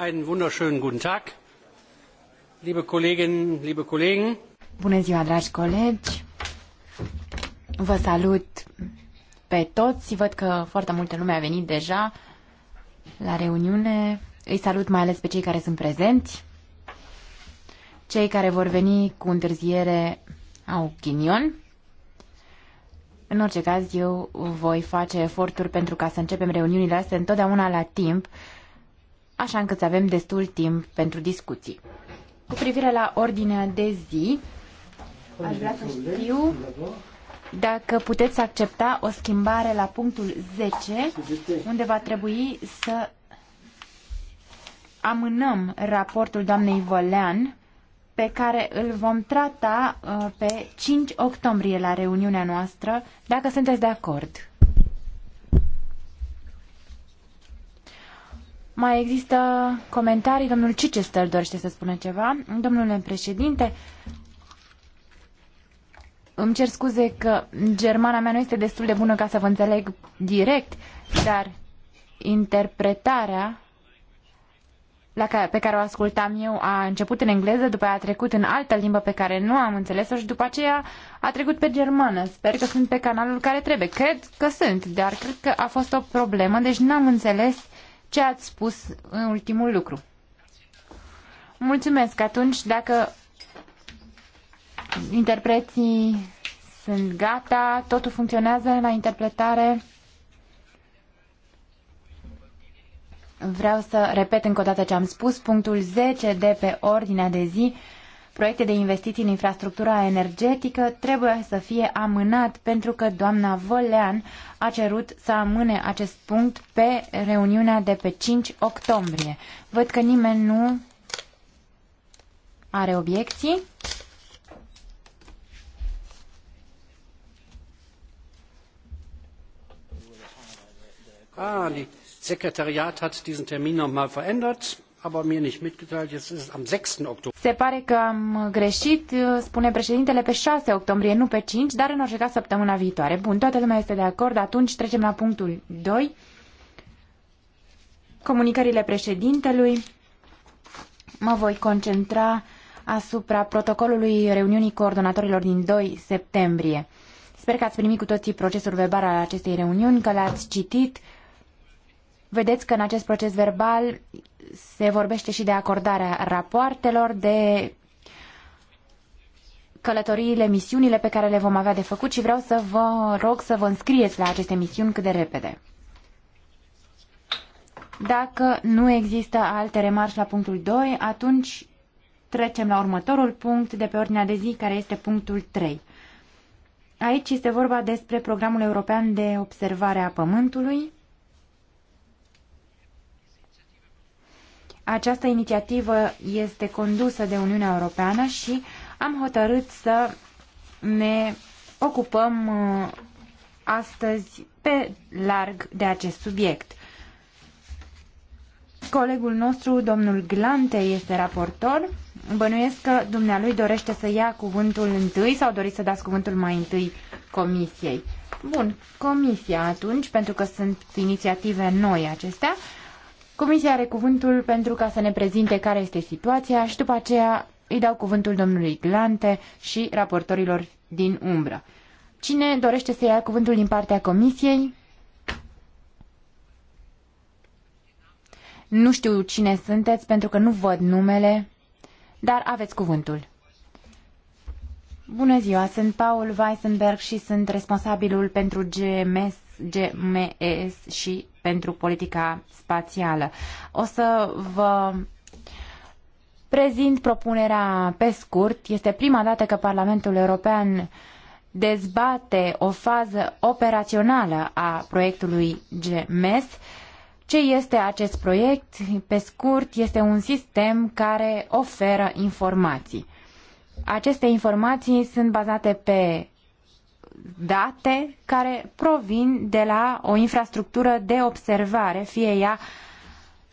Einen wunderschönen guten Tag, liebe Kolleginnen, liebe Kollegen. Bună ziua, dragi colegi. Vă salut pe toți. Văd că foarte multă lume a venit deja la reuniune. Îi salut mai ales pe cei care sunt prezenți. Cei care vor veni cu întârziere au ghinion. În orice caz, eu voi face eforturi pentru ca să începem reuniunile astea întotdeauna la timp așa încât să avem destul timp pentru discuții. Cu privire la ordinea de zi, aș vrea să știu dacă puteți accepta o schimbare la punctul 10, unde va trebui să amânăm raportul doamnei Volean, pe care îl vom trata uh, pe 5 octombrie la reuniunea noastră, dacă sunteți de acord. Mai există comentarii? Domnul Chichester dorește să spună ceva. Domnule președinte, îmi cer scuze că germana mea nu este destul de bună ca să vă înțeleg direct, dar interpretarea la care, pe care o ascultam eu a început în engleză, după aia a trecut în altă limbă pe care nu am înțeles-o și după aceea a trecut pe germană. Sper că sunt pe canalul care trebuie. Cred că sunt, dar cred că a fost o problemă, deci n-am înțeles ce ați spus în ultimul lucru. Mulțumesc. Atunci, dacă interpreții sunt gata, totul funcționează la interpretare. Vreau să repet încă o dată ce am spus. Punctul 10 de pe ordinea de zi proiecte de investiții în infrastructura energetică trebuie să fie amânat pentru că doamna Volean a cerut să amâne acest punct pe reuniunea de pe 5 octombrie. Văd că nimeni nu are obiecții. Ah, die Sekretariat hat diesen Termin nochmal verändert. Se pare că am greșit, uh, spune președintele, pe 6 octombrie, nu pe 5, dar în orice caz săptămâna viitoare. Bun, toată lumea este de acord, atunci trecem la punctul 2. Comunicările președintelui. Mă voi concentra asupra protocolului reuniunii coordonatorilor din 2 septembrie. Sper că ați primit cu toții procesul verbal al acestei reuniuni, că l-ați citit, Vedeți că în acest proces verbal se vorbește și de acordarea rapoartelor, de călătoriile, misiunile pe care le vom avea de făcut și vreau să vă rog să vă înscrieți la aceste misiuni cât de repede. Dacă nu există alte remarci la punctul 2, atunci trecem la următorul punct de pe ordinea de zi, care este punctul 3. Aici este vorba despre programul european de observare a Pământului. Această inițiativă este condusă de Uniunea Europeană și am hotărât să ne ocupăm uh, astăzi pe larg de acest subiect. Colegul nostru, domnul Glante, este raportor. Bănuiesc că dumnealui dorește să ia cuvântul întâi sau doriți să dați cuvântul mai întâi comisiei. Bun, comisia atunci, pentru că sunt inițiative noi acestea Comisia are cuvântul pentru ca să ne prezinte care este situația și după aceea îi dau cuvântul domnului Glante și raportorilor din umbră. Cine dorește să ia cuvântul din partea comisiei? Nu știu cine sunteți pentru că nu văd numele, dar aveți cuvântul. Bună ziua, sunt Paul Weisenberg și sunt responsabilul pentru GMS GMES și pentru politica spațială. O să vă prezint propunerea pe scurt. Este prima dată că Parlamentul European dezbate o fază operațională a proiectului GMES. Ce este acest proiect? Pe scurt, este un sistem care oferă informații. Aceste informații sunt bazate pe date care provin de la o infrastructură de observare, fie ea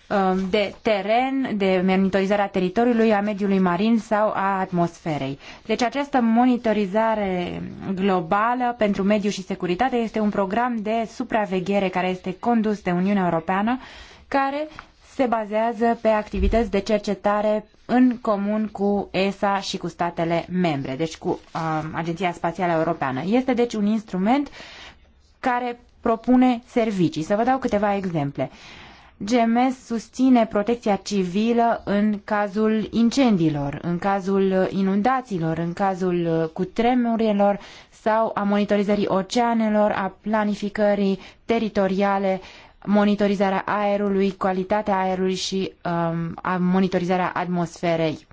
um, de teren, de monitorizarea teritoriului, a mediului marin sau a atmosferei. Deci această monitorizare globală pentru mediu și securitate este un program de supraveghere care este condus de Uniunea Europeană, care se bazează pe activități de cercetare în comun cu ESA și cu statele membre, deci cu um, Agenția Spațială Europeană. Este deci un instrument care propune servicii. Să vă dau câteva exemple. GMS susține protecția civilă în cazul incendiilor, în cazul inundațiilor, în cazul cutremurilor sau a monitorizării oceanelor, a planificării teritoriale monitorizarea aerului, calitatea aerului și um, monitorizarea atmosferei.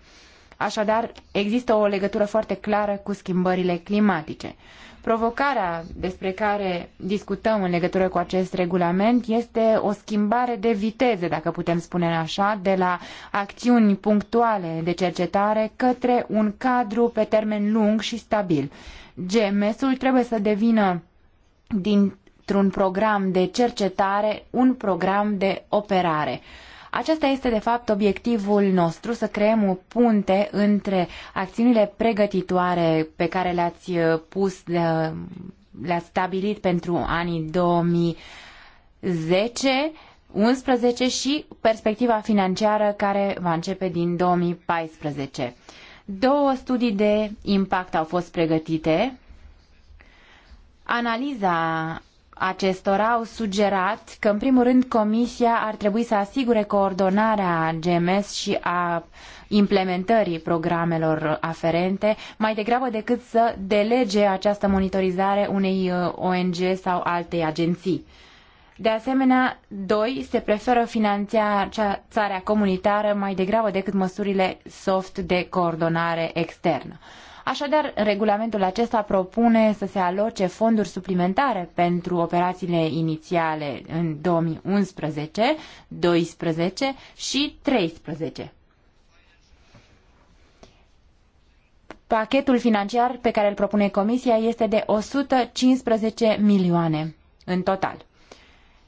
Așadar, există o legătură foarte clară cu schimbările climatice. Provocarea despre care discutăm în legătură cu acest regulament este o schimbare de viteze, dacă putem spune așa, de la acțiuni punctuale de cercetare către un cadru pe termen lung și stabil. GMS-ul trebuie să devină din printr-un program de cercetare un program de operare. Acesta este, de fapt, obiectivul nostru, să creăm o punte între acțiunile pregătitoare pe care le-ați uh, pus, uh, le-ați stabilit pentru anii 2010 11 și perspectiva financiară care va începe din 2014. Două studii de impact au fost pregătite. Analiza acestora au sugerat că, în primul rând, Comisia ar trebui să asigure coordonarea GMS și a implementării programelor aferente, mai degrabă decât să delege această monitorizare unei uh, ONG sau altei agenții. De asemenea, doi, se preferă finanțarea țarea comunitară mai degrabă decât măsurile soft de coordonare externă. Așadar, regulamentul acesta propune să se aloce fonduri suplimentare pentru operațiile inițiale în 2011, 12 și 13. Pachetul financiar pe care îl propune Comisia este de 115 milioane în total.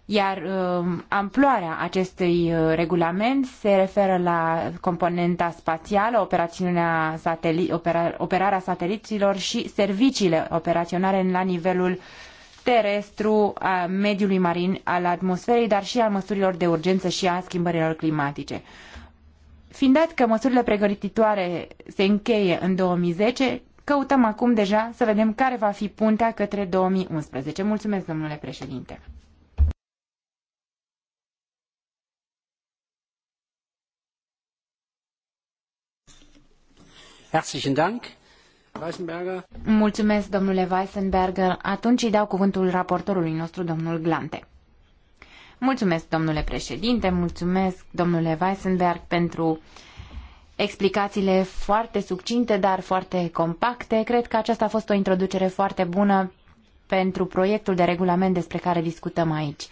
Iar um, amploarea acestui uh, regulament se referă la componenta spațială, operațiunea sateli- opera, operarea sateliților și serviciile operaționale la nivelul terestru, a mediului marin, al atmosferei, dar și al măsurilor de urgență și a schimbărilor climatice. Fiind dat că măsurile pregătitoare se încheie în 2010, căutăm acum deja să vedem care va fi puntea către 2011. Mulțumesc, domnule președinte! Mulțumesc, domnule Weissenberger. Atunci îi dau cuvântul raportorului nostru, domnul Glante. Mulțumesc, domnule președinte, mulțumesc, domnule Weissenberg, pentru explicațiile foarte succinte, dar foarte compacte. Cred că aceasta a fost o introducere foarte bună pentru proiectul de regulament despre care discutăm aici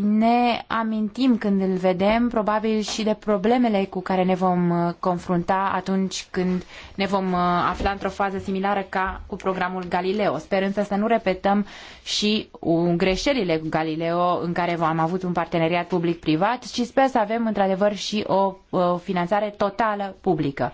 ne amintim când îl vedem, probabil și de problemele cu care ne vom uh, confrunta atunci când ne vom uh, afla într-o fază similară ca cu programul Galileo. Sper însă să nu repetăm și uh, greșelile cu Galileo în care am avut un parteneriat public-privat și sper să avem într-adevăr și o finanțare totală publică.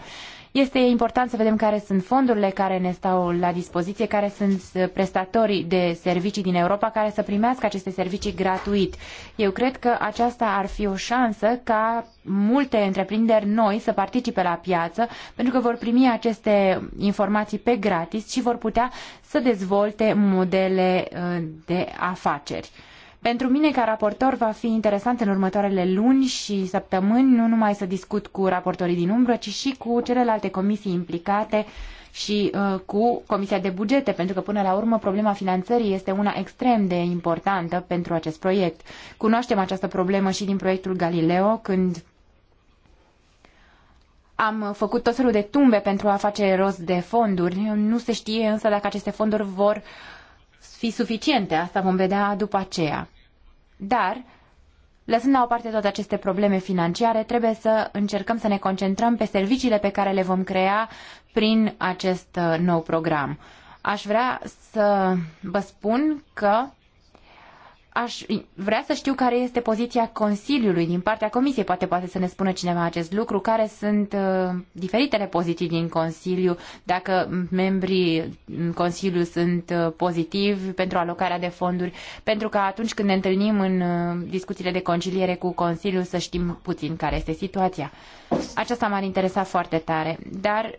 Este important să vedem care sunt fondurile care ne stau la dispoziție, care sunt prestatorii de servicii din Europa care să primească aceste servicii gratuit. Eu cred că aceasta ar fi o șansă ca multe întreprinderi noi să participe la piață, pentru că vor primi aceste informații pe gratis și vor putea să dezvolte modele uh, de afaceri. Pentru mine, ca raportor, va fi interesant în următoarele luni și săptămâni nu numai să discut cu raportorii din umbră, ci și cu celelalte comisii implicate și uh, cu Comisia de Bugete, pentru că până la urmă problema finanțării este una extrem de importantă pentru acest proiect. Cunoaștem această problemă și din proiectul Galileo, când am făcut tot felul de tumbe pentru a face rost de fonduri. Nu se știe însă dacă aceste fonduri vor uh, fi suficiente, asta vom vedea după aceea. Dar, lăsând la o parte toate aceste probleme financiare, trebuie să încercăm să ne concentrăm pe serviciile pe care le vom crea prin acest uh, nou program. Aș vrea să vă spun că aș vrea să știu care este poziția Consiliului din partea Comisiei. Poate poate să ne spună cineva acest lucru, care sunt uh, diferitele poziții din Consiliu, dacă membrii în Consiliu sunt uh, pozitivi pentru alocarea de fonduri, pentru că atunci când ne întâlnim în uh, discuțiile de conciliere cu Consiliul să știm puțin care este situația. Aceasta m-ar interesa foarte tare, dar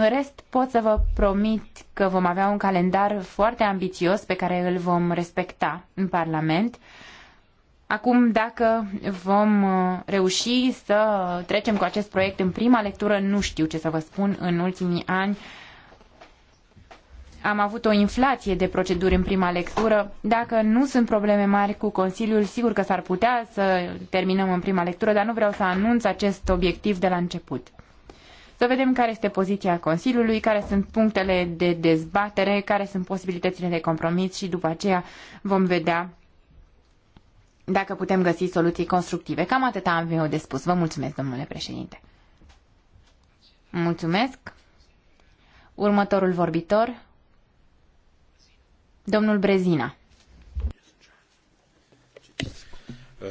în rest, pot să vă promit că vom avea un calendar foarte ambițios pe care îl vom respecta în Parlament. Acum, dacă vom uh, reuși să trecem cu acest proiect în prima lectură, nu știu ce să vă spun. În ultimii ani am avut o inflație de proceduri în prima lectură. Dacă nu sunt probleme mari cu Consiliul, sigur că s-ar putea să terminăm în prima lectură, dar nu vreau să anunț acest obiectiv de la început să vedem care este poziția Consiliului, care sunt punctele de dezbatere, care sunt posibilitățile de compromis și după aceea vom vedea dacă putem găsi soluții constructive. Cam atât am eu de spus. Vă mulțumesc, domnule președinte. Mulțumesc. Următorul vorbitor, domnul Brezina.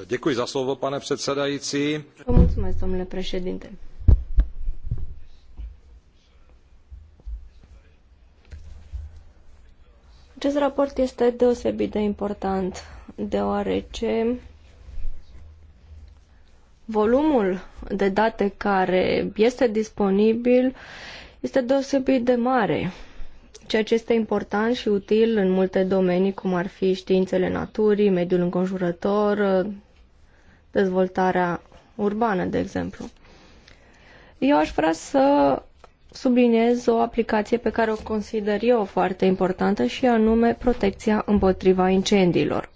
Děkuji za slovo, pane předsedající. Mulțumesc, domnule președinte. Acest raport este deosebit de important, deoarece volumul de date care este disponibil este deosebit de mare, ceea ce este important și util în multe domenii, cum ar fi științele naturii, mediul înconjurător, dezvoltarea urbană, de exemplu. Eu aș vrea să subliniez o aplicație pe care o consider eu foarte importantă și anume protecția împotriva incendiilor.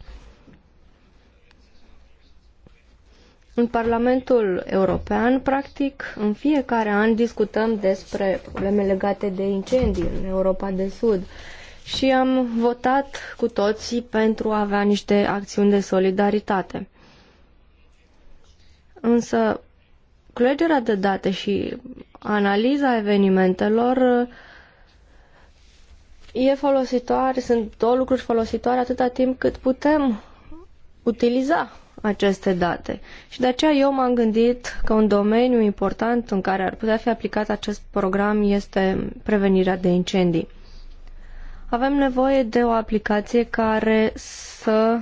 În Parlamentul European, practic, în fiecare an discutăm despre probleme legate de incendii în Europa de Sud și am votat cu toții pentru a avea niște acțiuni de solidaritate. Însă, culegerea de date și analiza evenimentelor uh, e folositoare, sunt două lucruri folositoare atâta timp cât putem utiliza aceste date. Și de aceea eu m-am gândit că un domeniu important în care ar putea fi aplicat acest program este prevenirea de incendii. Avem nevoie de o aplicație care să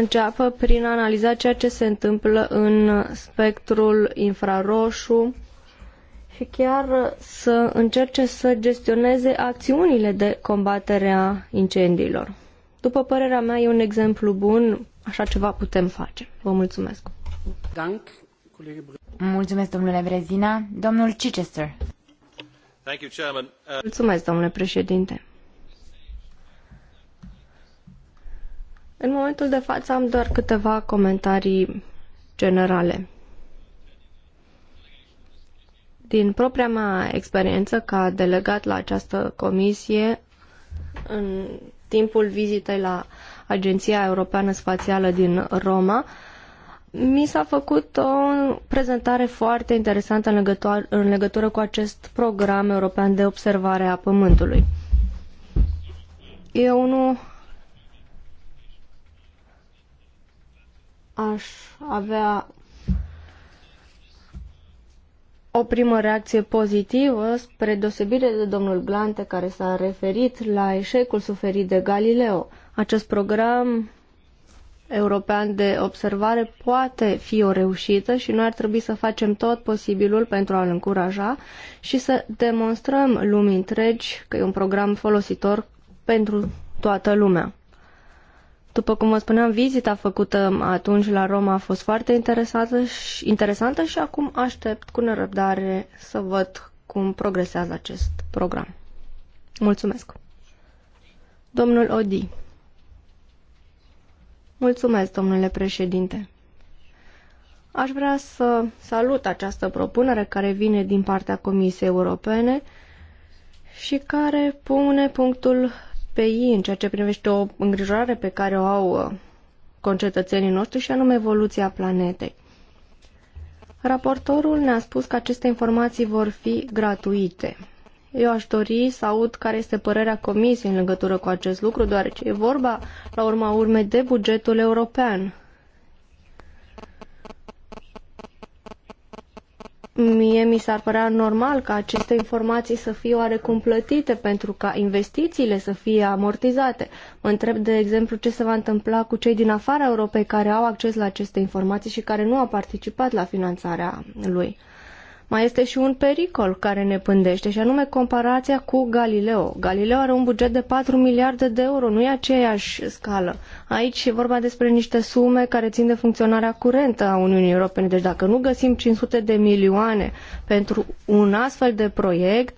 înceapă prin a analiza ceea ce se întâmplă în spectrul infraroșu și chiar să încerce să gestioneze acțiunile de combatere a incendiilor. După părerea mea, e un exemplu bun, așa ceva putem face. Vă mulțumesc. Dank, Mulțumesc, domnule Brezina. Domnul Chichester. Uh, mulțumesc, domnule președinte. În momentul de față am doar câteva comentarii generale. Din propria mea experiență ca delegat la această comisie, în timpul vizitei la Agenția Europeană Spațială din Roma, mi s-a făcut o prezentare foarte interesantă în legătură, în legătură cu acest program european de observare a Pământului. Eu nu aș avea o primă reacție pozitivă, spre deosebire de domnul Glante, care s-a referit la eșecul suferit de Galileo. Acest program european de observare poate fi o reușită și noi ar trebui să facem tot posibilul pentru a-l încuraja și să demonstrăm lumii întregi că e un program folositor pentru toată lumea. După cum vă spuneam, vizita făcută atunci la Roma a fost foarte interesantă și, interesantă și acum aștept cu nerăbdare să văd cum progresează acest program. Mulțumesc! Domnul Odi. Mulțumesc, domnule președinte. Aș vrea să salut această propunere care vine din partea Comisiei Europene și care pune punctul pe ei în ceea ce privește o îngrijorare pe care o au uh, concetățenii noștri și anume evoluția planetei. Raportorul ne-a spus că aceste informații vor fi gratuite. Eu aș dori să aud care este părerea Comisiei în legătură cu acest lucru, deoarece e vorba, la urma urme de bugetul european. Mie mi s-ar părea normal ca aceste informații să fie oarecum plătite pentru ca investițiile să fie amortizate. Mă întreb, de exemplu, ce se va întâmpla cu cei din afara Europei care au acces la aceste informații și care nu au participat la finanțarea lui mai este și un pericol care ne pândește și anume comparația cu Galileo. Galileo are un buget de 4 miliarde de euro, nu e aceeași scală. Aici e vorba despre niște sume care țin de funcționarea curentă a Uniunii Europene. Deci dacă nu găsim 500 de milioane pentru un astfel de proiect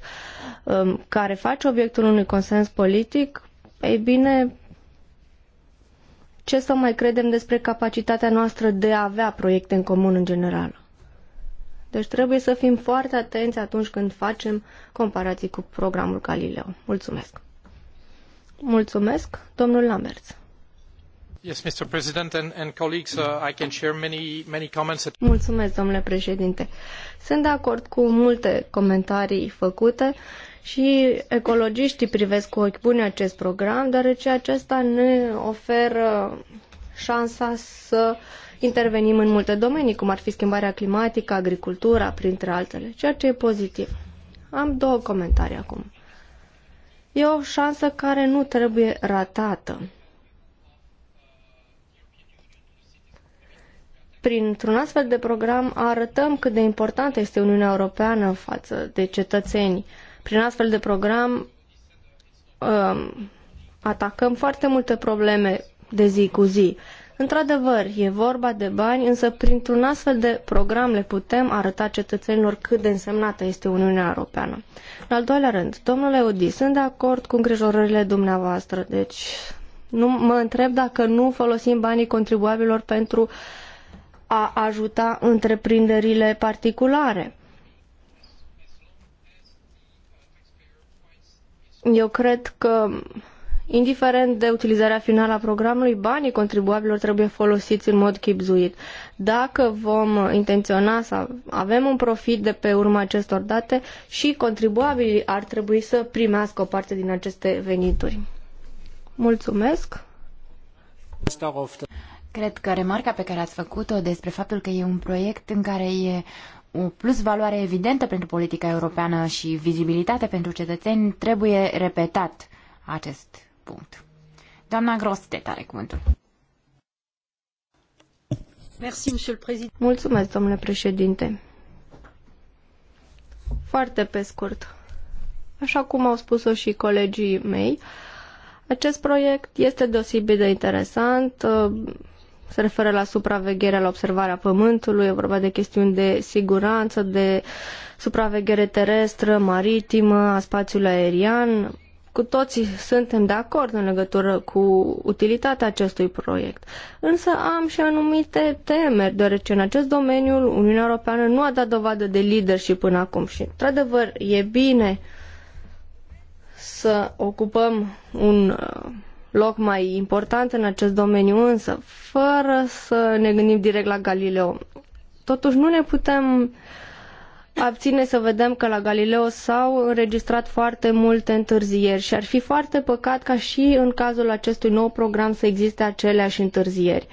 um, care face obiectul unui consens politic, ei bine, ce să mai credem despre capacitatea noastră de a avea proiecte în comun în general? Deci trebuie să fim foarte atenți atunci când facem comparații cu programul Galileo. Mulțumesc! Mulțumesc, domnul Lamberts. Yes, Mr. President and, and colleagues, uh, I can share many, many comments. That... Mulțumesc, domnule președinte. Sunt de acord cu multe comentarii făcute și ecologiștii privesc cu ochi buni acest program, deoarece acesta ne oferă șansa să uh, intervenim în multe domenii, cum ar fi schimbarea climatică, agricultura, printre altele, ceea ce e pozitiv. Am două comentarii acum. E o șansă care nu trebuie ratată. Printr-un astfel de program arătăm cât de importantă este Uniunea Europeană față de cetățeni. Prin astfel de program um, atacăm foarte multe probleme de zi cu zi. Într-adevăr, e vorba de bani, însă printr-un astfel de program le putem arăta cetățenilor cât de însemnată este Uniunea Europeană. În al doilea rând, domnule Odi, sunt de acord cu îngrijorările dumneavoastră, deci nu, mă întreb dacă nu folosim banii contribuabilor pentru a ajuta întreprinderile particulare. Eu cred că Indiferent de utilizarea finală a programului, banii contribuabilor trebuie folosiți în mod chipzuit. Dacă vom intenționa să avem un profit de pe urma acestor date și contribuabilii ar trebui să primească o parte din aceste venituri. Mulțumesc! Cred că remarca pe care ați făcut-o despre faptul că e un proiect în care e o plus valoare evidentă pentru politica europeană și vizibilitate pentru cetățeni trebuie repetat acest punct. Doamna Grostet are cuvântul. Mulțumesc, domnule președinte. Foarte pe scurt. Așa cum au spus-o și colegii mei, acest proiect este deosebit de interesant, uh, se referă la supravegherea, la observarea pământului, e vorba de chestiuni de siguranță, de supraveghere terestră, maritimă, a spațiului aerian, cu toții suntem de acord în legătură cu utilitatea acestui proiect. Însă am și anumite temeri, deoarece în acest domeniu Uniunea Europeană nu a dat dovadă de leadership până acum și, într-adevăr, e bine să ocupăm un uh, loc mai important în acest domeniu, însă fără să ne gândim direct la Galileo. Totuși nu ne putem uh, abține să vedem că la Galileo s-au înregistrat foarte multe întârzieri și ar fi foarte păcat ca și în cazul acestui nou program să existe aceleași întârzieri.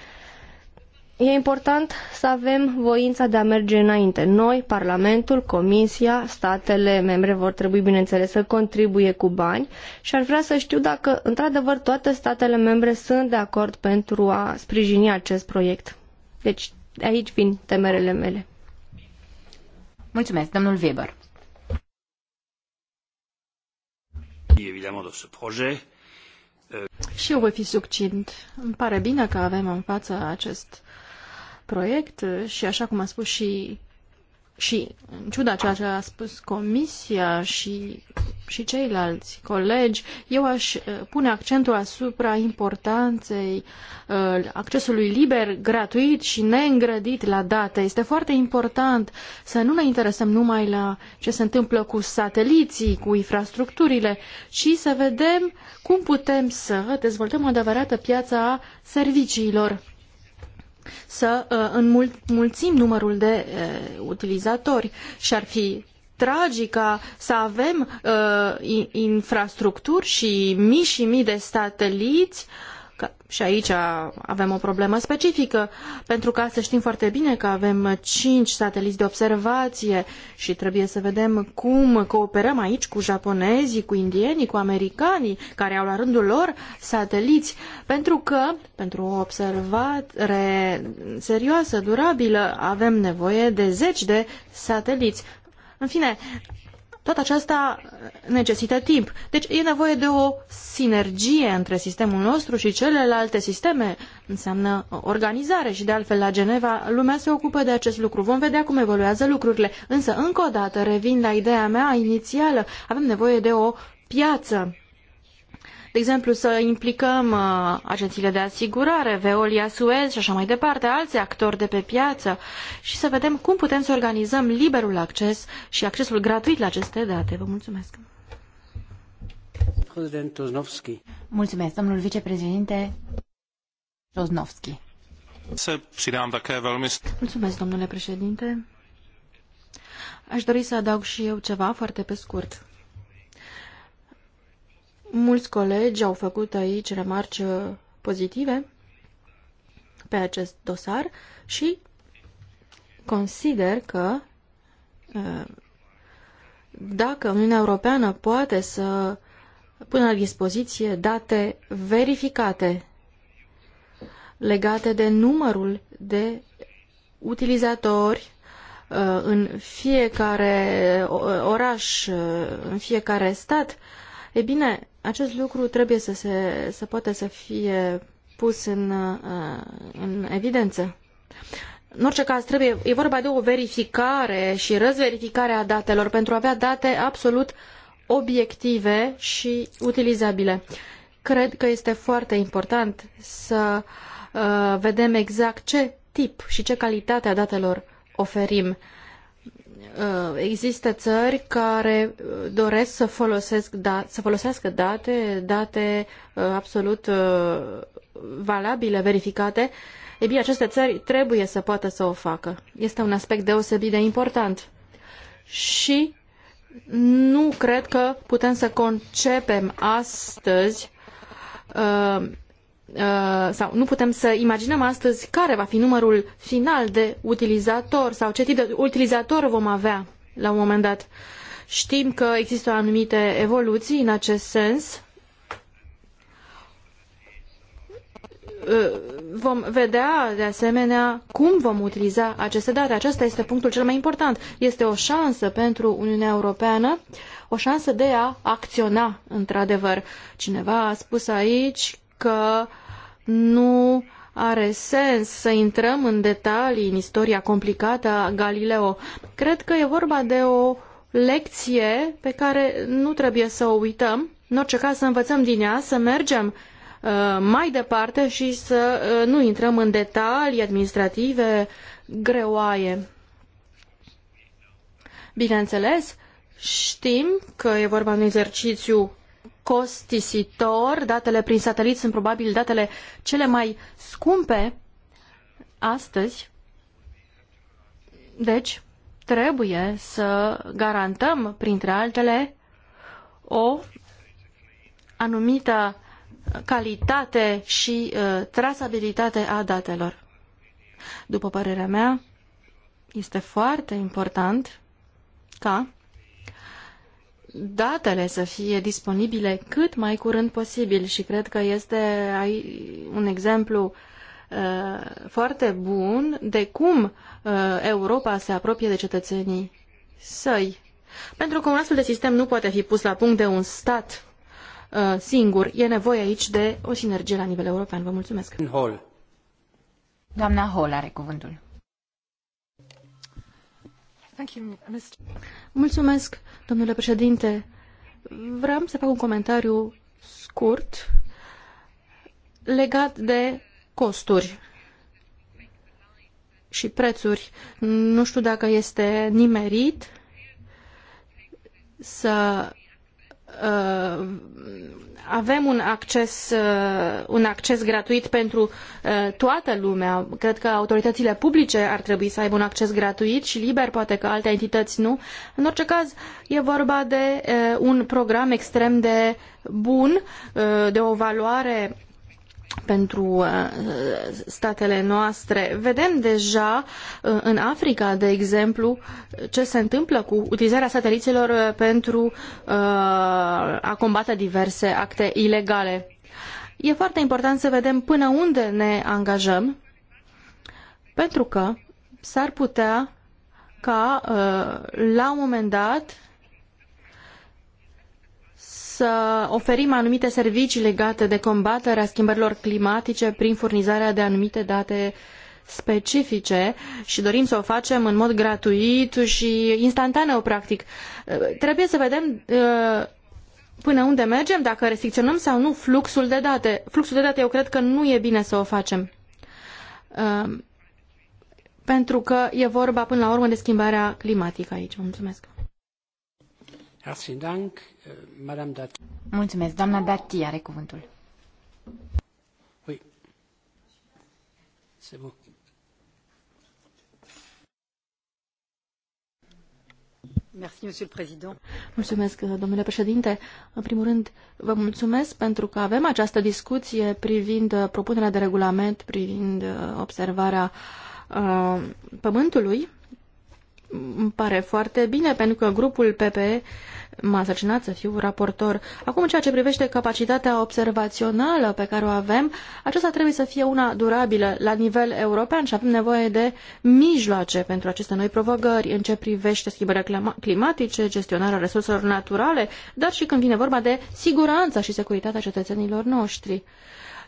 E important să avem voința de a merge înainte. Noi, Parlamentul, Comisia, statele membre vor trebui, bineînțeles, să contribuie cu bani și ar vrea să știu dacă, într-adevăr, toate statele membre sunt de acord pentru a sprijini acest proiect. Deci, aici vin temerele mele. Mulțumesc, domnul Weber. Și eu voi fi succint. Îmi pare bine că avem în față acest proiect și, așa cum a spus și și în ciuda ceea ce a spus comisia și, și ceilalți colegi, eu aș uh, pune accentul asupra importanței uh, accesului liber, gratuit și neîngrădit la date. Este foarte important să nu ne interesăm numai la ce se întâmplă cu sateliții, cu infrastructurile, ci să vedem cum putem să dezvoltăm o adevărată piață a serviciilor să uh, înmulțim numărul de uh, utilizatori și ar fi tragica să avem uh, infrastructuri și mii și mii de sateliți uh, Că, și aici avem o problemă specifică, pentru că să știm foarte bine că avem cinci sateliți de observație și trebuie să vedem cum cooperăm aici cu japonezii, cu indienii, cu americanii, care au la rândul lor sateliți, pentru că pentru o observare serioasă, durabilă, avem nevoie de zeci de sateliți. În fine, Toată aceasta necesită timp. Deci e nevoie de o sinergie între sistemul nostru și celelalte sisteme. Înseamnă organizare și de altfel la Geneva lumea se ocupă de acest lucru. Vom vedea cum evoluează lucrurile. Însă, încă o dată, revin la ideea mea inițială. Avem nevoie de o piață de exemplu, să implicăm uh, agențiile de asigurare, Veolia, Suez și așa mai departe, alți actori de pe piață și să vedem cum putem să organizăm liberul acces și accesul gratuit la aceste date. Vă mulțumesc! Mulțumesc, domnul vicepreședinte Roznovski. Se Mulțumesc, domnule președinte. Aș dori să adaug și eu ceva foarte pe scurt. Mulți colegi au făcut aici remarci uh, pozitive pe acest dosar și consider că uh, dacă Uniunea Europeană poate să pună la dispoziție date verificate legate de numărul de utilizatori uh, în fiecare oraș, în fiecare stat, e bine, acest lucru trebuie să, se, să poată să fie pus în, uh, în evidență. În orice caz, trebuie, e vorba de o verificare și răzverificare a datelor pentru a avea date absolut obiective și utilizabile. Cred că este foarte important să uh, vedem exact ce tip și ce calitate a datelor oferim. Uh, Uh, există țări care uh, doresc să, folosesc da- să folosească date, date uh, absolut valabile, verificate. Ei bine, aceste țări trebuie să poată să o facă. Este un aspect deosebit de important. Și nu cred că putem să concepem astăzi Uh, sau nu putem să imaginăm astăzi care va fi numărul final de utilizator sau ce tip de utilizator vom avea la un moment dat. Știm că există anumite evoluții în acest sens. Uh, vom vedea, de asemenea, cum vom utiliza aceste date. Acesta este punctul cel mai important. Este o șansă pentru Uniunea Europeană, o șansă de a acționa, într-adevăr. Cineva a spus aici că nu are sens să intrăm în detalii în istoria complicată a Galileo. Cred că e vorba de o lecție pe care nu trebuie să o uităm. În orice caz să învățăm din ea, să mergem uh, mai departe și să uh, nu intrăm în detalii administrative greoaie. Bineînțeles, știm că e vorba de un exercițiu costisitor. Datele prin satelit sunt probabil datele cele mai scumpe astăzi. Deci, trebuie să garantăm, printre altele, o anumită calitate și uh, trasabilitate a datelor. După părerea mea, este foarte important ca datele să fie disponibile cât mai curând posibil și cred că este un exemplu uh, foarte bun de cum uh, Europa se apropie de cetățenii săi. Pentru că un astfel de sistem nu poate fi pus la punct de un stat uh, singur. E nevoie aici de o sinergie la nivel european. Vă mulțumesc. Doamna Hall are cuvântul. Mulțumesc, domnule președinte. Vreau să fac un comentariu scurt legat de costuri și prețuri. Nu știu dacă este nimerit să Uh, avem un acces, uh, un acces gratuit pentru uh, toată lumea. Cred că autoritățile publice ar trebui să aibă un acces gratuit și liber, poate că alte entități nu. În orice caz, e vorba de un program extrem de bun, de o valoare pentru uh, statele noastre. Vedem deja uh, în Africa, de exemplu, ce se întâmplă cu utilizarea sateliților uh, pentru a combate diverse acte ilegale. E foarte important să vedem până unde ne angajăm, pentru că s-ar putea ca la un moment dat să oferim anumite servicii legate de combaterea schimbărilor climatice prin furnizarea de anumite date specifice și dorim să o facem în mod gratuit și instantaneu, practic. Trebuie să vedem uh, până unde mergem, dacă restricționăm sau nu fluxul de date. Fluxul de date eu cred că nu e bine să o facem. Uh, pentru că e vorba până la urmă de schimbarea climatică aici. Mulțumesc. Eh, mulțumesc. Doamna Dati are cuvântul. Oui. Mulțumesc, domnule președinte. În primul rând, vă mulțumesc pentru că avem această discuție privind propunerea de regulament, privind eh, observarea uh, pământului îmi pare foarte bine, pentru că grupul PPE m-a sărcinat să fiu raportor. Acum, în ceea ce privește capacitatea observațională pe care o avem, aceasta trebuie să fie una durabilă la nivel european și avem nevoie de mijloace pentru aceste noi provocări în ce privește schimbările climatice, gestionarea resurselor naturale, dar și când vine vorba de siguranța și securitatea cetățenilor noștri. Uh,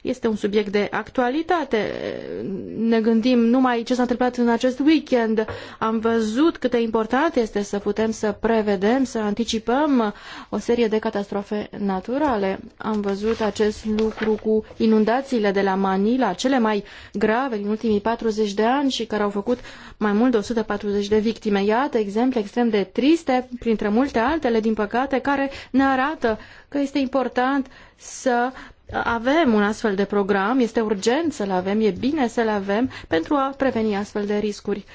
este un subiect de actualitate. Ne gândim numai ce s-a întâmplat în acest weekend. Am văzut cât de important este să putem să prevedem, să anticipăm o serie de catastrofe naturale. Am văzut acest lucru cu inundațiile de la Manila, cele mai grave din ultimii 40 de ani și care au făcut mai mult de 140 de victime. Iată exemple extrem de triste, printre multe altele, din păcate, care ne arată că este important să avem un astfel de program, este urgent să-l avem, e bine să-l avem pentru a preveni astfel de riscuri.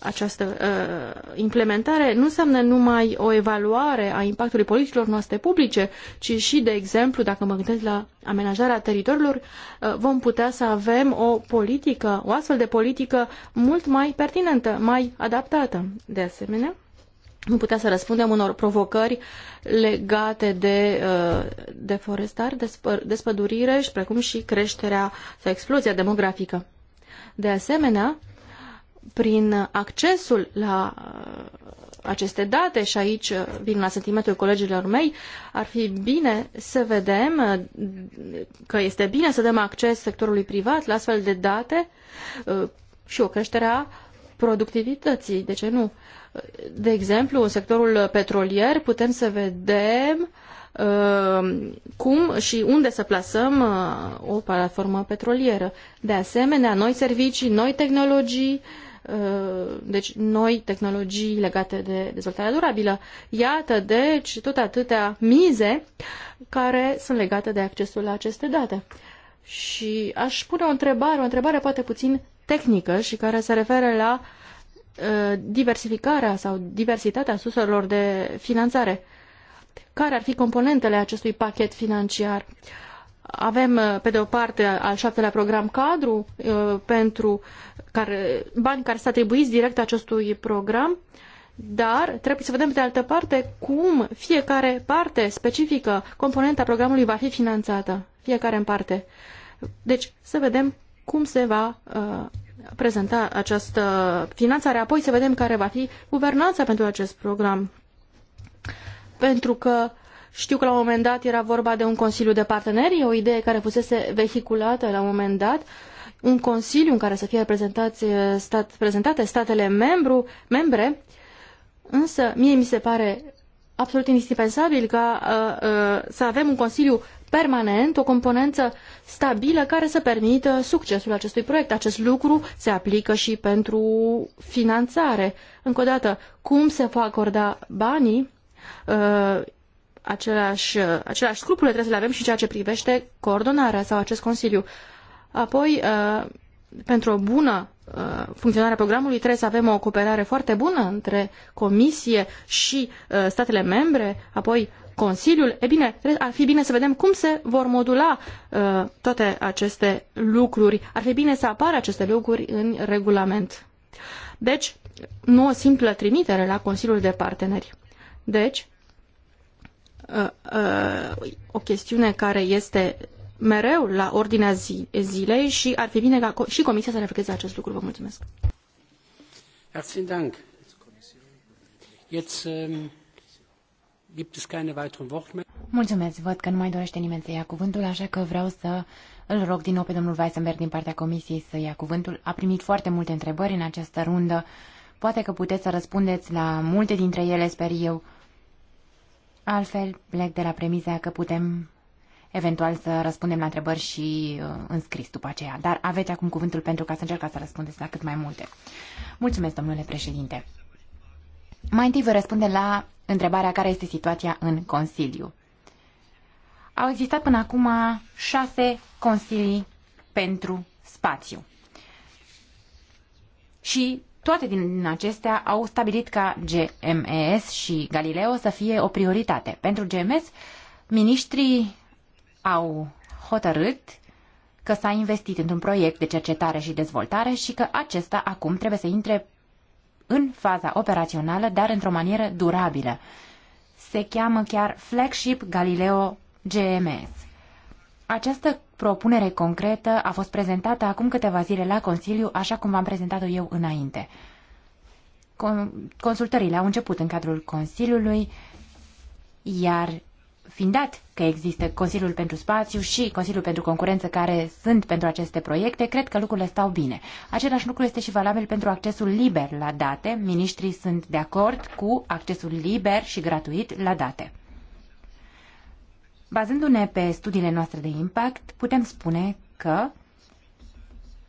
Această uh, implementare nu înseamnă numai o evaluare a impactului politicilor noastre publice, ci și, de exemplu, dacă mă gândesc la amenajarea teritoriilor, uh, vom putea să avem o politică, o astfel de politică mult mai pertinentă, mai adaptată. De asemenea, nu putea să răspundem unor provocări legate de uh, deforestare, despădurire și precum și creșterea sau explozia demografică. De asemenea, prin accesul la uh, aceste date, și aici uh, vin la sentimentul colegilor mei, ar fi bine să vedem că este bine să dăm acces sectorului privat la astfel de date și o creștere a productivității, de ce nu? De exemplu, în sectorul petrolier putem să vedem uh, cum și unde să plasăm uh, o platformă petrolieră. De asemenea, noi servicii, noi tehnologii, uh, deci noi tehnologii legate de dezvoltarea durabilă. Iată, deci, tot atâtea mize care sunt legate de accesul la aceste date. Și aș pune o întrebare, o întrebare poate puțin tehnică și care se referă la uh, Uh, diversificarea sau diversitatea surselor de finanțare. Care ar fi componentele acestui pachet financiar? Avem, uh, pe de o parte, al șaptelea program cadru uh, pentru care, bani care să atribuiți direct acestui program, dar trebuie să vedem, pe de altă parte, cum fiecare parte specifică, componenta programului va fi finanțată, fiecare în parte. Deci, să vedem cum se va uh, prezenta această finanțare. Apoi să vedem care va fi guvernanța pentru acest program. Pentru că știu că la un moment dat era vorba de un consiliu de parteneri, o idee care fusese vehiculată la un moment dat, un consiliu în care să fie stat, prezentate statele membru, membre, însă mie mi se pare absolut indispensabil ca uh, uh, să avem un Consiliu permanent, o componență stabilă care să permită succesul acestui proiect. Acest lucru se aplică și pentru finanțare. Încă o dată, cum se va acorda banii? Uh, același aceleași scrupule trebuie să le avem și în ceea ce privește coordonarea sau acest Consiliu. Apoi, uh, pentru o bună uh, funcționare a programului trebuie să avem o cooperare foarte bună între Comisie și uh, statele membre, apoi Consiliul. E bine, ar fi bine să vedem cum se vor modula uh, toate aceste lucruri. Ar fi bine să apară aceste lucruri în regulament. Deci, nu o simplă trimitere la Consiliul de Parteneri. Deci, o chestiune care este mereu la ordinea zi, zilei și ar fi bine ca și Comisia să reflecteze acest lucru. Vă mulțumesc. Herzlichen Dank. Jetzt ähm, gibt es keine weiteren Mulțumesc. Văd că nu mai dorește nimeni să ia cuvântul, așa că vreau să îl rog din nou pe domnul Weissenberg din partea Comisiei să ia cuvântul. A primit foarte multe întrebări în această rundă. Poate că puteți să răspundeți la multe dintre ele, sper eu. Altfel, plec de la premiza că putem eventual să răspundem la întrebări și uh, în scris după aceea. Dar aveți acum cuvântul pentru ca să încercați să răspundeți la cât mai multe. Mulțumesc, domnule președinte. Mai întâi vă răspunde la întrebarea care este situația în Consiliu. Au existat până acum șase consilii pentru spațiu. Și toate din acestea au stabilit ca GMS și Galileo să fie o prioritate. Pentru GMS, ministrii au hotărât că s-a investit într-un proiect de cercetare și dezvoltare și că acesta acum trebuie să intre în faza operațională, dar într-o manieră durabilă. Se cheamă chiar Flagship Galileo GMS. Această propunere concretă a fost prezentată acum câteva zile la Consiliu, așa cum v-am prezentat-o eu înainte. Consultările au început în cadrul Consiliului, iar fiind dat că există Consiliul pentru Spațiu și Consiliul pentru Concurență care sunt pentru aceste proiecte, cred că lucrurile stau bine. Același lucru este și valabil pentru accesul liber la date. Ministrii sunt de acord cu accesul liber și gratuit la date. Bazându-ne pe studiile noastre de impact, putem spune că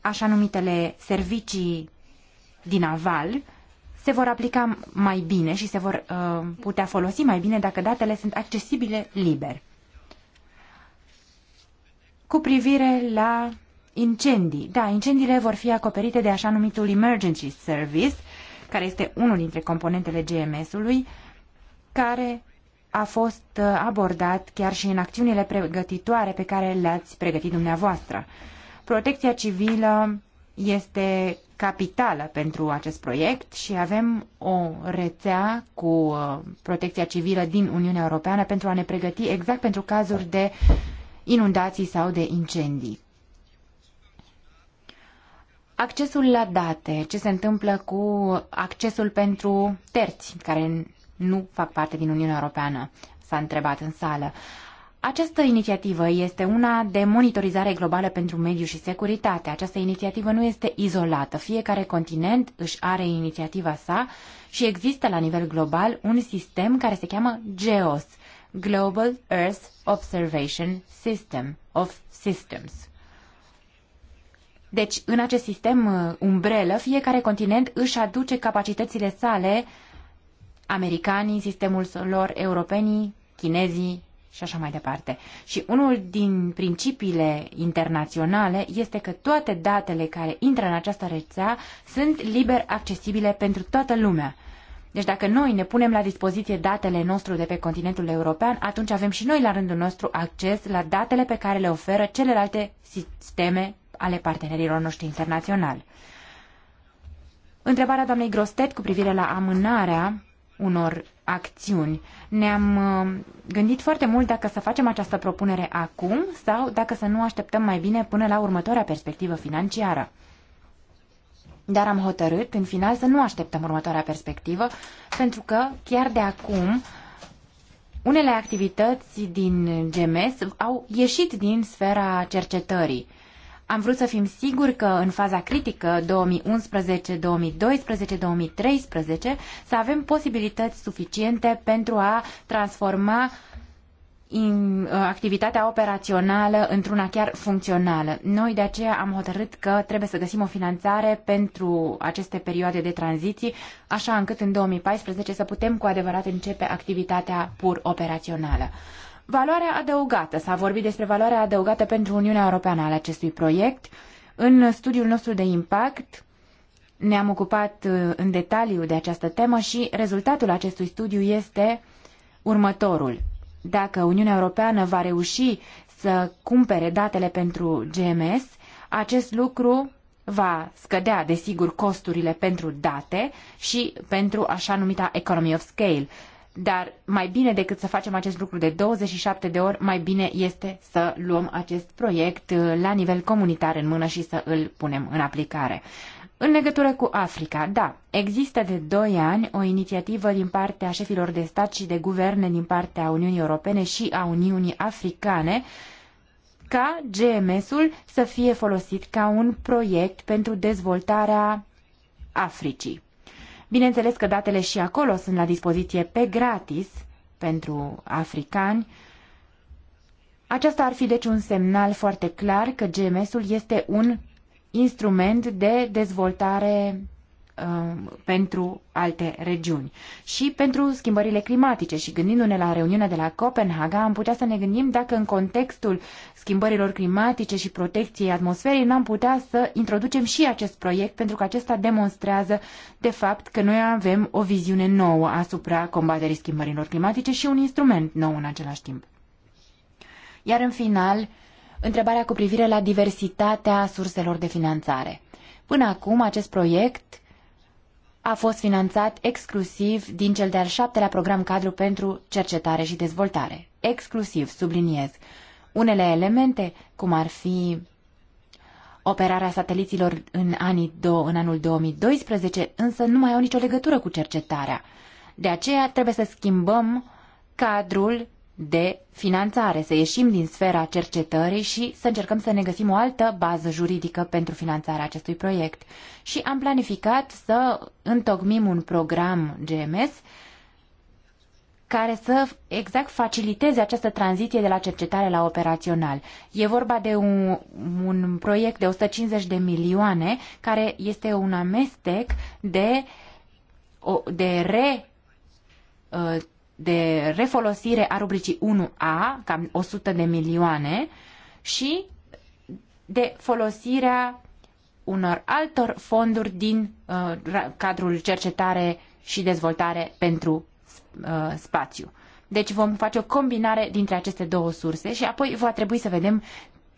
așa numitele servicii din aval se vor aplica mai bine și se vor uh, putea folosi mai bine dacă datele sunt accesibile liber. Cu privire la incendii, da, incendiile vor fi acoperite de așa numitul Emergency Service, care este unul dintre componentele GMS-ului, care a fost uh, abordat chiar și în acțiunile pregătitoare pe care le-ați pregătit dumneavoastră. Protecția civilă este capitală pentru acest proiect și avem o rețea cu uh, protecția civilă din Uniunea Europeană pentru a ne pregăti exact pentru cazuri de inundații sau de incendii. Accesul la date, ce se întâmplă cu accesul pentru terți care nu fac parte din Uniunea Europeană, s-a întrebat în sală. Uh, această inițiativă este una de monitorizare globală pentru mediu și securitate. Această inițiativă nu este izolată. Fiecare continent își are inițiativa sa și există la nivel global un sistem care se cheamă GEOS, Global Earth Observation System of Systems. Deci, în acest sistem uh, umbrelă, fiecare continent își aduce capacitățile sale, americanii, sistemul lor, europenii, chinezii, și așa mai departe. Și unul din principiile internaționale este că toate datele care intră în această rețea sunt liber accesibile pentru toată lumea. Deci dacă noi ne punem la dispoziție datele nostru de pe continentul european, atunci avem și noi la rândul nostru acces la datele pe care le oferă celelalte sisteme ale partenerilor noștri internaționali. Întrebarea doamnei Grostet cu privire la amânarea unor acțiuni. Ne-am uh, gândit foarte mult dacă să facem această propunere acum sau dacă să nu așteptăm mai bine până la următoarea perspectivă financiară. Dar am hotărât, în final, să nu așteptăm următoarea perspectivă, pentru că chiar de acum unele activități din GMS au ieșit din sfera cercetării. Am vrut să fim siguri că în faza critică 2011, 2012, 2013 să avem posibilități suficiente pentru a transforma in, uh, activitatea operațională într-una chiar funcțională. Noi de aceea am hotărât că trebuie să găsim o finanțare pentru aceste perioade de tranziții, așa încât în 2014 să putem cu adevărat începe activitatea pur operațională. Valoarea adăugată. S-a vorbit despre valoarea adăugată pentru Uniunea Europeană al acestui proiect. În studiul nostru de impact ne-am ocupat uh, în detaliu de această temă și rezultatul acestui studiu este următorul. Dacă Uniunea Europeană va reuși să cumpere datele pentru GMS, acest lucru va scădea, desigur, costurile pentru date și pentru așa numita economy of scale. Dar mai bine decât să facem acest lucru de 27 de ori, mai bine este să luăm acest proiect uh, la nivel comunitar în mână și să îl punem în aplicare. În legătură cu Africa, da, există de 2 ani o inițiativă din partea șefilor de stat și de guverne din partea Uniunii Europene și a Uniunii Africane ca GMS-ul să fie folosit ca un proiect pentru dezvoltarea Africii. Bineînțeles că datele și acolo sunt la dispoziție pe gratis pentru africani. Aceasta ar fi deci un semnal foarte clar că GMS-ul este un instrument de dezvoltare Um, pentru alte regiuni. Și pentru schimbările climatice și gândindu-ne la reuniunea de la Copenhaga, am putea să ne gândim dacă în contextul schimbărilor climatice și protecției atmosferei n-am putea să introducem și acest proiect pentru că acesta demonstrează de fapt că noi avem o viziune nouă asupra combaterii schimbărilor climatice și un instrument nou în același timp. Iar în final, întrebarea cu privire la diversitatea surselor de finanțare. Până acum, acest proiect a fost finanțat exclusiv din cel de-al șaptelea program cadru pentru cercetare și dezvoltare. Exclusiv, subliniez. Unele elemente, cum ar fi operarea sateliților în, anii do- în anul 2012, însă nu mai au nicio legătură cu cercetarea. De aceea trebuie să schimbăm cadrul de finanțare, să ieșim din sfera cercetării și să încercăm să ne găsim o altă bază juridică pentru finanțarea acestui proiect. Și am planificat să întocmim un program GMS care să exact faciliteze această tranziție de la cercetare la operațional. E vorba de un, un proiect de 150 de milioane care este un amestec de, de re uh, de refolosire a rubricii 1A, cam 100 de milioane, și de folosirea unor altor fonduri din uh, cadrul cercetare și dezvoltare pentru uh, spațiu. Deci vom face o combinare dintre aceste două surse și apoi va trebui să vedem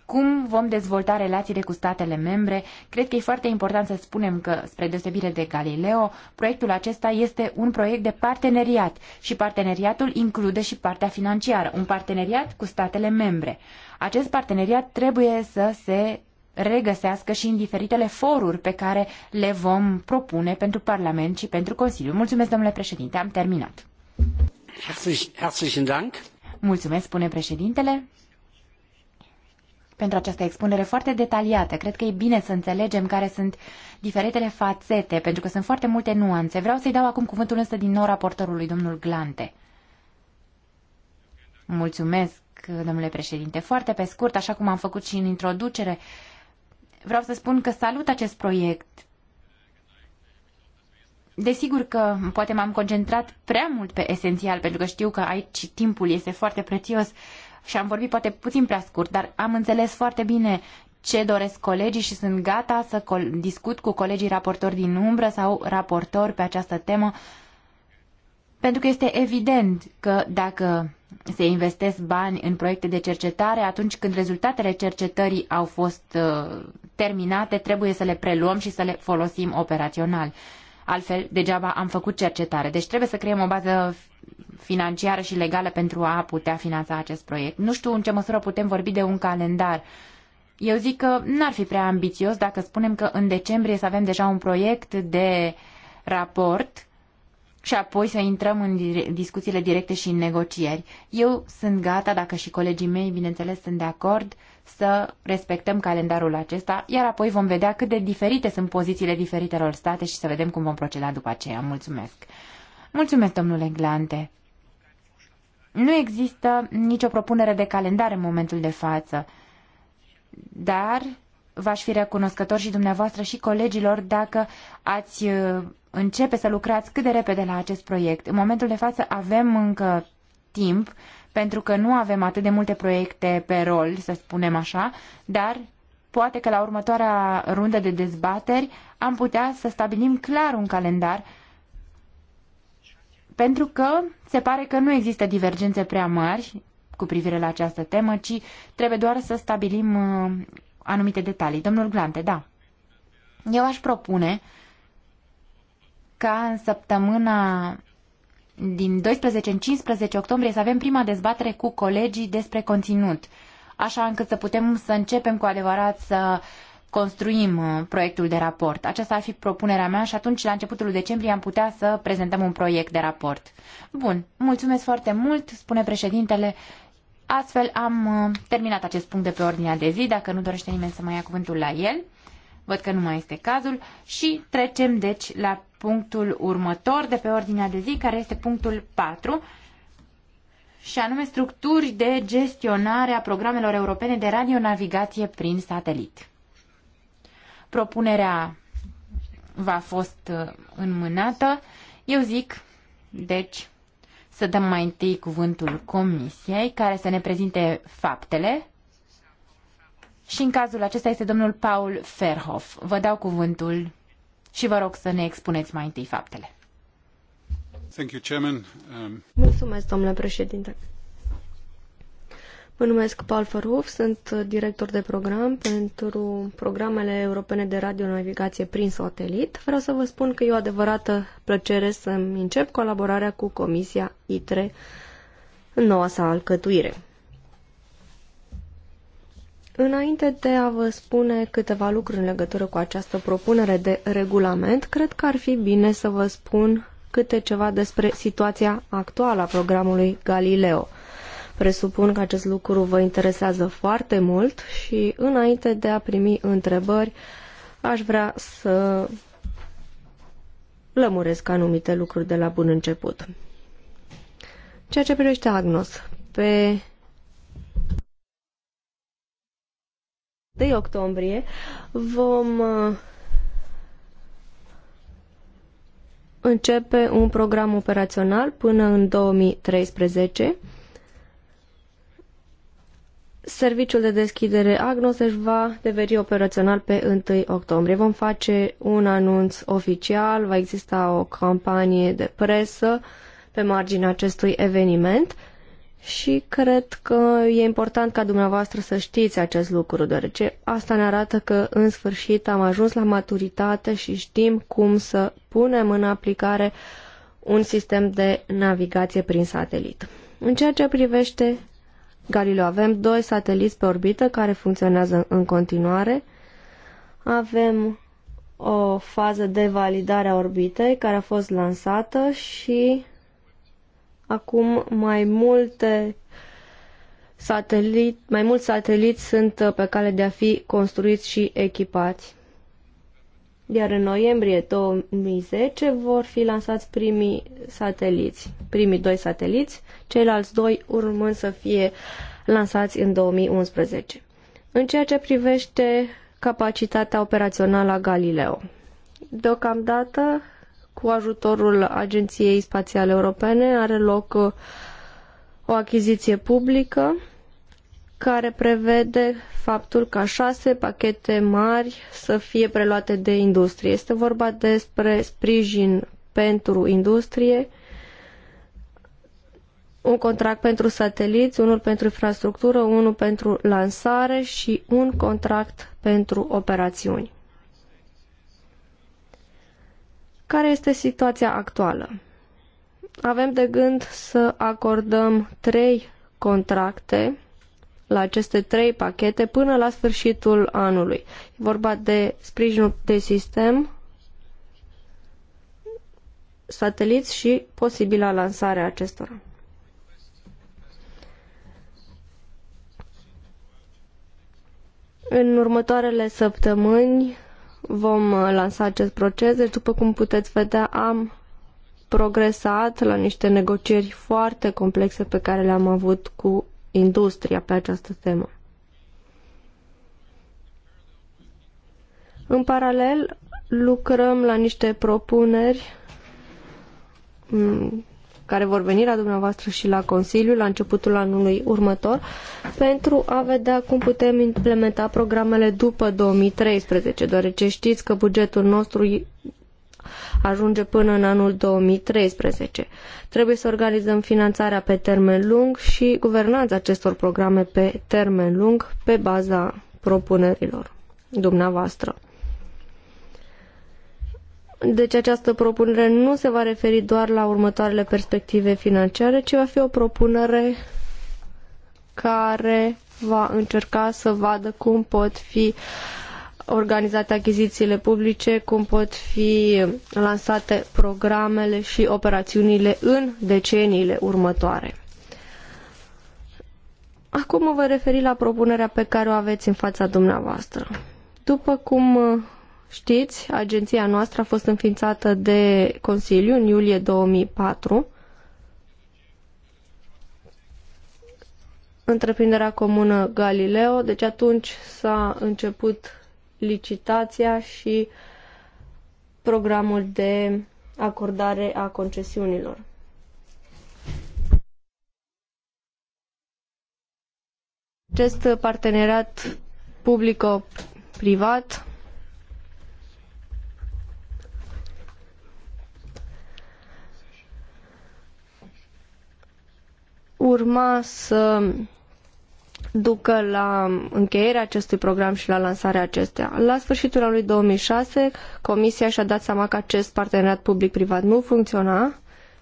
cum vom dezvolta relațiile cu statele membre. Cred că e foarte important să spunem că, spre deosebire de Galileo, proiectul acesta este un proiect de parteneriat și parteneriatul include și partea financiară, un parteneriat cu statele membre. Acest parteneriat trebuie să se regăsească și în diferitele foruri pe care le vom propune pentru Parlament și pentru Consiliu. Mulțumesc, domnule președinte, am terminat. Mulțumesc, spune președintele pentru această expunere foarte detaliată. Cred că e bine să înțelegem care sunt diferitele fațete, pentru că sunt foarte multe nuanțe. Vreau să-i dau acum cuvântul însă din nou raportorului, domnul Glante. Mulțumesc, domnule președinte. Foarte pe scurt, așa cum am făcut și în introducere, vreau să spun că salut acest proiect. Desigur că poate m-am concentrat prea mult pe esențial, pentru că știu că aici timpul este foarte prețios, și am vorbit poate puțin prea scurt, dar am înțeles foarte bine ce doresc colegii și sunt gata să discut cu colegii raportori din umbră sau raportori pe această temă, pentru că este evident că dacă se investesc bani în proiecte de cercetare, atunci când rezultatele cercetării au fost uh, terminate, trebuie să le preluăm și să le folosim operațional. Altfel, degeaba am făcut cercetare. Deci trebuie să creăm o bază financiară și legală pentru a putea finanța acest proiect. Nu știu în ce măsură putem vorbi de un calendar. Eu zic că n-ar fi prea ambițios dacă spunem că în decembrie să avem deja un proiect de raport și apoi să intrăm în discuțiile directe și în negocieri. Eu sunt gata, dacă și colegii mei, bineînțeles, sunt de acord, să respectăm calendarul acesta, iar apoi vom vedea cât de diferite sunt pozițiile diferitelor state și să vedem cum vom proceda după aceea. Mulțumesc! Mulțumesc, domnule Glante. Nu există nicio propunere de calendar în momentul de față, dar v-aș fi recunoscător și dumneavoastră și colegilor dacă ați uh, începe să lucrați cât de repede la acest proiect. În momentul de față avem încă timp, pentru că nu avem atât de multe proiecte pe rol, să spunem așa, dar poate că la următoarea rundă de dezbateri am putea să stabilim clar un calendar pentru că se pare că nu există divergențe prea mari cu privire la această temă, ci trebuie doar să stabilim uh, anumite detalii. Domnul Glante, da. Eu aș propune ca în săptămâna din 12 în 15 octombrie să avem prima dezbatere cu colegii despre conținut, așa încât să putem să începem cu adevărat să construim uh, proiectul de raport. Aceasta ar fi propunerea mea și atunci, la începutul decembrie, am putea să prezentăm un proiect de raport. Bun, mulțumesc foarte mult, spune președintele. Astfel am uh, terminat acest punct de pe ordinea de zi, dacă nu dorește nimeni să mai ia cuvântul la el. Văd că nu mai este cazul și trecem deci la punctul următor de pe ordinea de zi, care este punctul 4 și anume structuri de gestionare a programelor europene de radionavigație prin satelit. Propunerea va fost uh, înmânată. Eu zic, deci, să dăm mai întâi cuvântul comisiei care să ne prezinte faptele și în cazul acesta este domnul Paul Ferhoff. Vă dau cuvântul și vă rog să ne expuneți mai întâi faptele. Thank you, Chairman. Um... Mulțumesc, domnule președinte. Mă numesc Paul Fărhuf, sunt director de program pentru programele europene de radionavigație prin satelit. Vreau să vă spun că e o adevărată plăcere să-mi încep colaborarea cu Comisia ITRE în noua sa alcătuire. Înainte de a vă spune câteva lucruri în legătură cu această propunere de regulament, cred că ar fi bine să vă spun câte ceva despre situația actuală a programului Galileo. Presupun că acest lucru vă interesează foarte mult și înainte de a primi întrebări, aș vrea să lămuresc anumite lucruri de la bun început. Ceea ce privește Agnos, pe 1 octombrie vom uh, începe un program operațional până în 2013 Serviciul de deschidere Agnos își va deveni operațional pe 1 octombrie. Vom face un anunț oficial, va exista o campanie de presă pe marginea acestui eveniment și cred că e important ca dumneavoastră să știți acest lucru, deoarece asta ne arată că în sfârșit am ajuns la maturitate și știm cum să punem în aplicare un sistem de navigație prin satelit. În ceea ce privește Galileo. Avem doi sateliți pe orbită care funcționează în continuare. Avem o fază de validare a orbitei care a fost lansată și acum mai multe satelit, mai mulți sateliți sunt pe cale de a fi construiți și echipați. Iar în noiembrie 2010 vor fi lansați primii sateliți, primii doi sateliți ceilalți doi urmând să fie lansați în 2011. În ceea ce privește capacitatea operațională a Galileo, deocamdată, cu ajutorul Agenției Spațiale Europene, are loc uh, o achiziție publică care prevede faptul ca șase pachete mari să fie preluate de industrie. Este vorba despre sprijin pentru industrie, un contract pentru sateliți, unul pentru infrastructură, unul pentru lansare și un contract pentru operațiuni. Care este situația actuală? Avem de gând să acordăm trei contracte la aceste trei pachete până la sfârșitul anului. E vorba de sprijinul de sistem, sateliți și posibila lansare a acestora. În următoarele săptămâni vom uh, lansa acest proces, deci după cum puteți vedea am progresat la niște negocieri foarte complexe pe care le-am avut cu industria pe această temă. În paralel, lucrăm la niște propuneri mm, care vor veni la dumneavoastră și la Consiliu la începutul anului următor pentru a vedea cum putem implementa programele după 2013, deoarece știți că bugetul nostru ajunge până în anul 2013. Trebuie să organizăm finanțarea pe termen lung și guvernanța acestor programe pe termen lung pe baza propunerilor dumneavoastră. Deci această propunere nu se va referi doar la următoarele perspective financiare, ci va fi o propunere care va încerca să vadă cum pot fi organizate achizițiile publice, cum pot fi lansate programele și operațiunile în deceniile următoare. Acum mă voi referi la propunerea pe care o aveți în fața dumneavoastră. După cum știți, agenția noastră a fost înființată de Consiliu în iulie 2004. Întreprinderea comună Galileo, deci atunci s-a început licitația și programul de acordare a concesiunilor. Acest parteneriat public-privat urma să ducă la încheierea acestui program și la lansarea acestea. La sfârșitul anului 2006, Comisia și-a dat seama că acest parteneriat public-privat nu funcționa,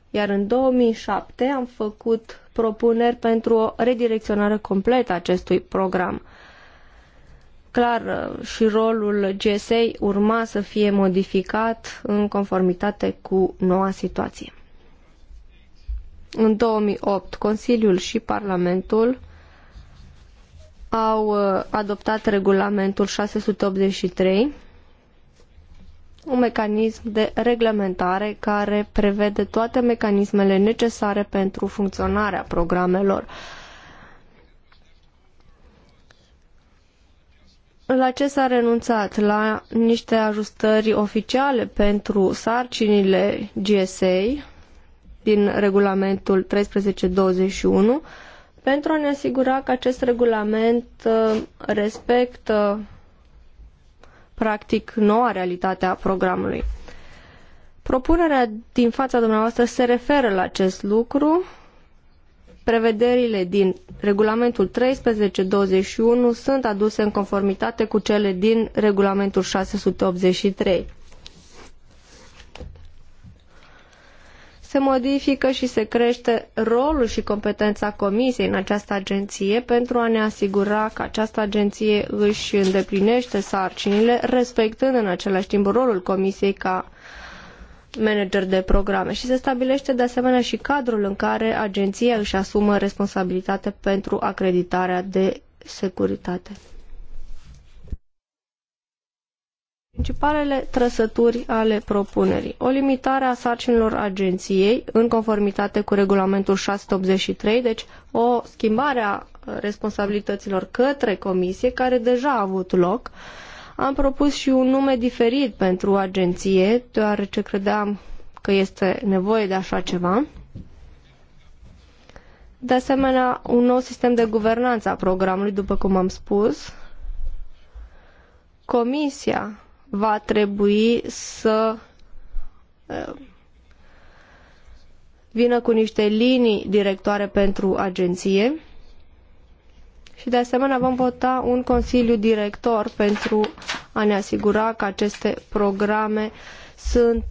iar în 2007 am făcut propuneri pentru o redirecționare completă a acestui program. Clar, și rolul GSA urma să fie modificat în conformitate cu noua situație. În 2008, Consiliul și Parlamentul au uh, adoptat regulamentul 683, un mecanism de reglementare care prevede toate mecanismele necesare pentru funcționarea programelor. La ce s-a renunțat? La niște ajustări oficiale pentru sarcinile GSA, din regulamentul 1321 pentru a ne asigura că acest regulament uh, respectă practic noua realitate a programului. Propunerea din fața dumneavoastră se referă la acest lucru. Prevederile din regulamentul 1321 sunt aduse în conformitate cu cele din regulamentul 683. se modifică și se crește rolul și competența comisiei în această agenție pentru a ne asigura că această agenție își îndeplinește sarcinile, respectând în același timp rolul comisiei ca manager de programe și se stabilește de asemenea și cadrul în care agenția își asumă responsabilitatea pentru acreditarea de securitate. Principalele trăsături ale propunerii. O limitare a sarcinilor agenției în conformitate cu regulamentul 683, deci o schimbare a responsabilităților către comisie care deja a avut loc. Am propus și un nume diferit pentru agenție, deoarece credeam că este nevoie de așa ceva. De asemenea, un nou sistem de guvernanță a programului, după cum am spus. Comisia va trebui să vină cu niște linii directoare pentru agenție și de asemenea vom vota un consiliu director pentru a ne asigura că aceste programe sunt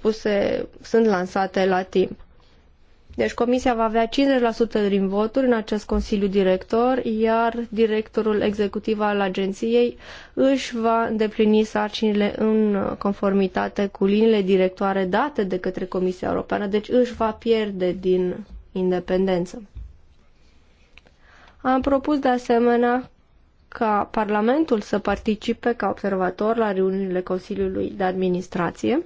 puse, sunt lansate la timp. Deci comisia va avea 50% din voturi în acest Consiliu Director, iar directorul executiv al agenției își va îndeplini sarcinile în conformitate cu liniile directoare date de către Comisia Europeană, deci își va pierde din independență. Am propus de asemenea ca Parlamentul să participe ca observator la reuniunile Consiliului de Administrație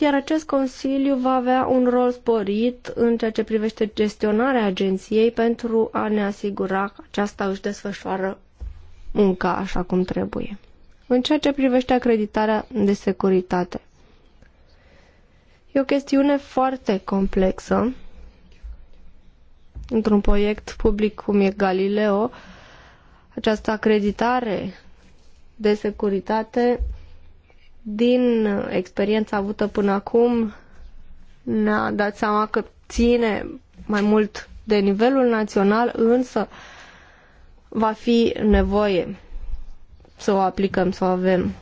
iar acest Consiliu va avea un rol sporit în ceea ce privește gestionarea agenției pentru a ne asigura că aceasta își desfășoară munca așa cum trebuie. În ceea ce privește acreditarea de securitate, e o chestiune foarte complexă. Într-un proiect public cum e Galileo, această acreditare de securitate din experiența avută până acum, ne-a dat seama că ține mai mult de nivelul național, însă va fi nevoie să o aplicăm, să o avem.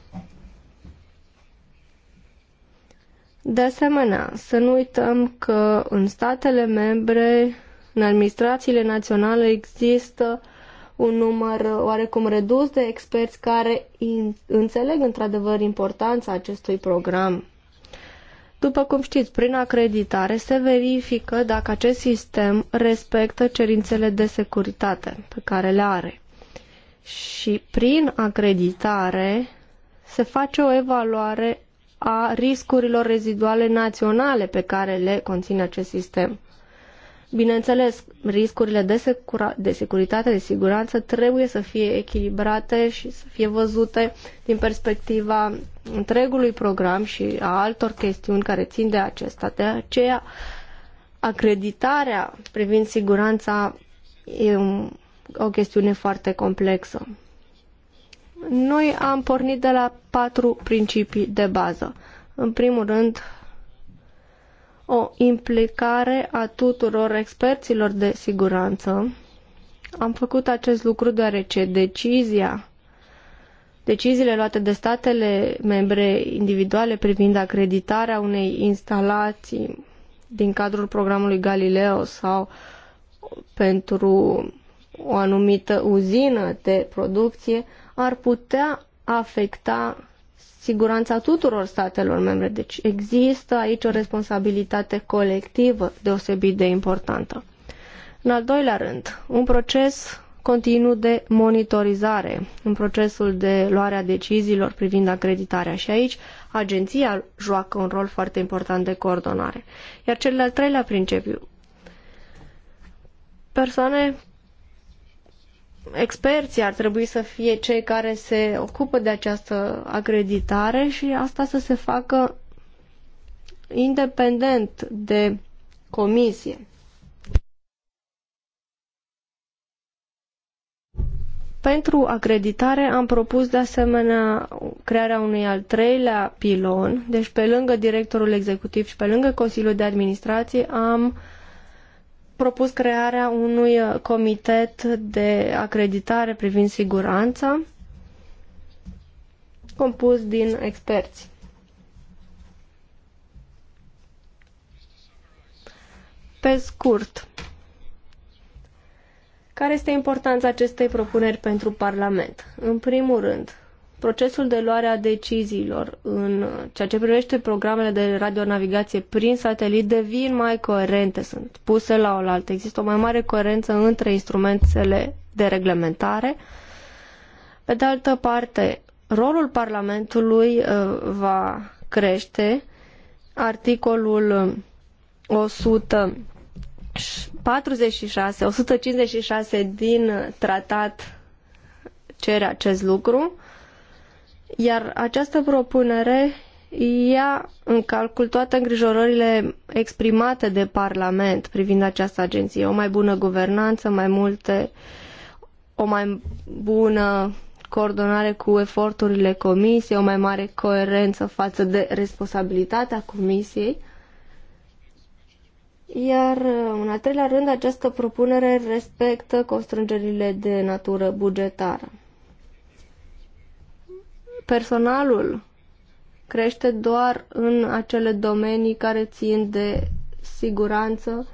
De asemenea, să nu uităm că în statele membre, în administrațiile naționale, există uh, un număr oarecum redus de experți care înțeleg într-adevăr importanța acestui program. După cum știți, prin acreditare se verifică dacă acest sistem respectă cerințele de securitate pe care le are. Și prin acreditare se face o evaluare a riscurilor reziduale naționale pe care le conține acest sistem. Bineînțeles, riscurile de, secura- de securitate, de siguranță trebuie să fie echilibrate și să fie văzute din perspectiva întregului program și a altor chestiuni care țin de acesta. De aceea, acreditarea privind siguranța e o chestiune foarte complexă. Noi am pornit de la patru principii de bază. În primul rând, o implicare a tuturor experților de siguranță. Am făcut acest lucru deoarece decizia Deciziile luate de statele membre individuale privind acreditarea unei instalații din cadrul programului Galileo sau pentru o anumită uzină de producție ar putea afecta siguranța tuturor statelor membre. Deci există aici o responsabilitate colectivă deosebit de importantă. În al doilea rând, un proces continuu de monitorizare în procesul de luare a deciziilor privind acreditarea și aici agenția joacă un rol foarte important de coordonare. Iar cel de-al treilea principiu, persoane experții ar trebui să fie cei care se ocupă de această acreditare și asta să se facă independent de comisie. Pentru acreditare am propus de asemenea crearea unui al treilea pilon, deci pe lângă directorul executiv și pe lângă Consiliul de Administrație am uh, propus crearea unui uh, comitet de acreditare privind siguranța compus din experți. Pe scurt, care este importanța acestei propuneri pentru Parlament? În primul rând, procesul de luare a deciziilor în ceea ce privește programele de radionavigație prin satelit devin mai coerente, sunt puse la oaltă. Există o mai mare coerență între instrumentele de reglementare. Pe de altă parte, rolul Parlamentului uh, va crește. Articolul 146, 156 din tratat cere acest lucru iar această propunere ia în calcul toate îngrijorările exprimate de Parlament privind această agenție. O mai bună guvernanță, mai multe, o mai bună coordonare cu eforturile comisiei, o mai mare coerență față de responsabilitatea comisiei. Iar, în al treilea rând, această propunere respectă constrângerile de natură bugetară personalul crește doar în acele domenii care țin de siguranță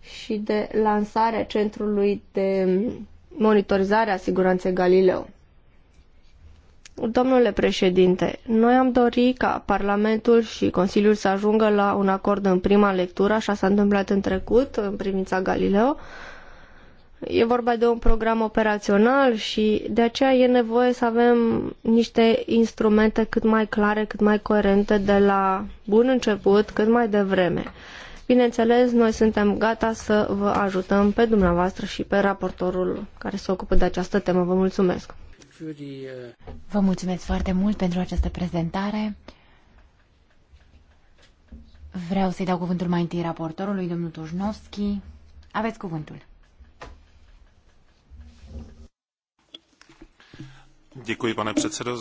și de lansarea centrului de monitorizare a siguranței Galileo. Domnule președinte, noi am dorit ca Parlamentul și Consiliul să ajungă la un acord în prima lectură, așa s-a întâmplat în trecut, în privința Galileo, E vorba de un program operațional și de aceea e nevoie să avem niște instrumente cât mai clare, cât mai coerente de la bun început, cât mai devreme. Bineînțeles, noi suntem gata să vă ajutăm pe dumneavoastră și pe raportorul care se ocupă de această temă. Vă mulțumesc! Vă mulțumesc foarte mult pentru această prezentare. Vreau să-i dau cuvântul mai întâi raportorului, domnul Tușnovski. Aveți cuvântul. pane předsedo,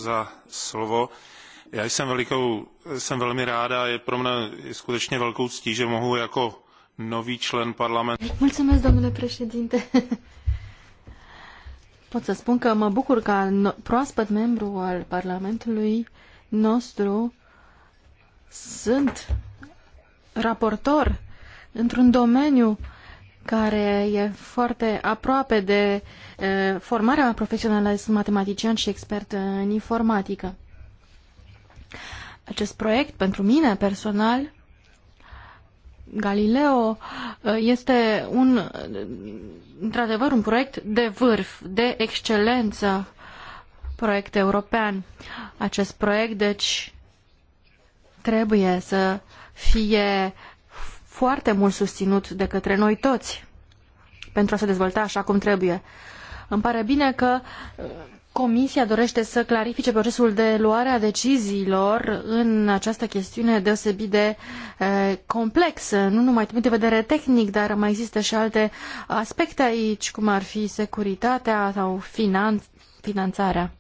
Já jsem, velmi rád a je pro mne skutečně velkou ctí, že mohu jako nový člen parlamentu. Pot să spun că mă bucur ca no proaspăt membru al Parlamentului nostru sunt raportor într-un domeniu uh, care e foarte aproape de formarea profesională, sunt matematician și expert în informatică. Acest proiect, pentru mine personal, Galileo este un, într-adevăr, un proiect de vârf, de excelență, proiect european. Acest proiect, deci, trebuie să fie foarte mult susținut de către noi toți pentru a se dezvolta așa cum trebuie. Îmi pare bine că uh, Comisia dorește să clarifice procesul de luare a deciziilor în această chestiune deosebit de e, uh, complexă, nu numai din punct de vedere tehnic, dar mai există și alte aspecte aici, cum ar fi securitatea sau finan finanțarea.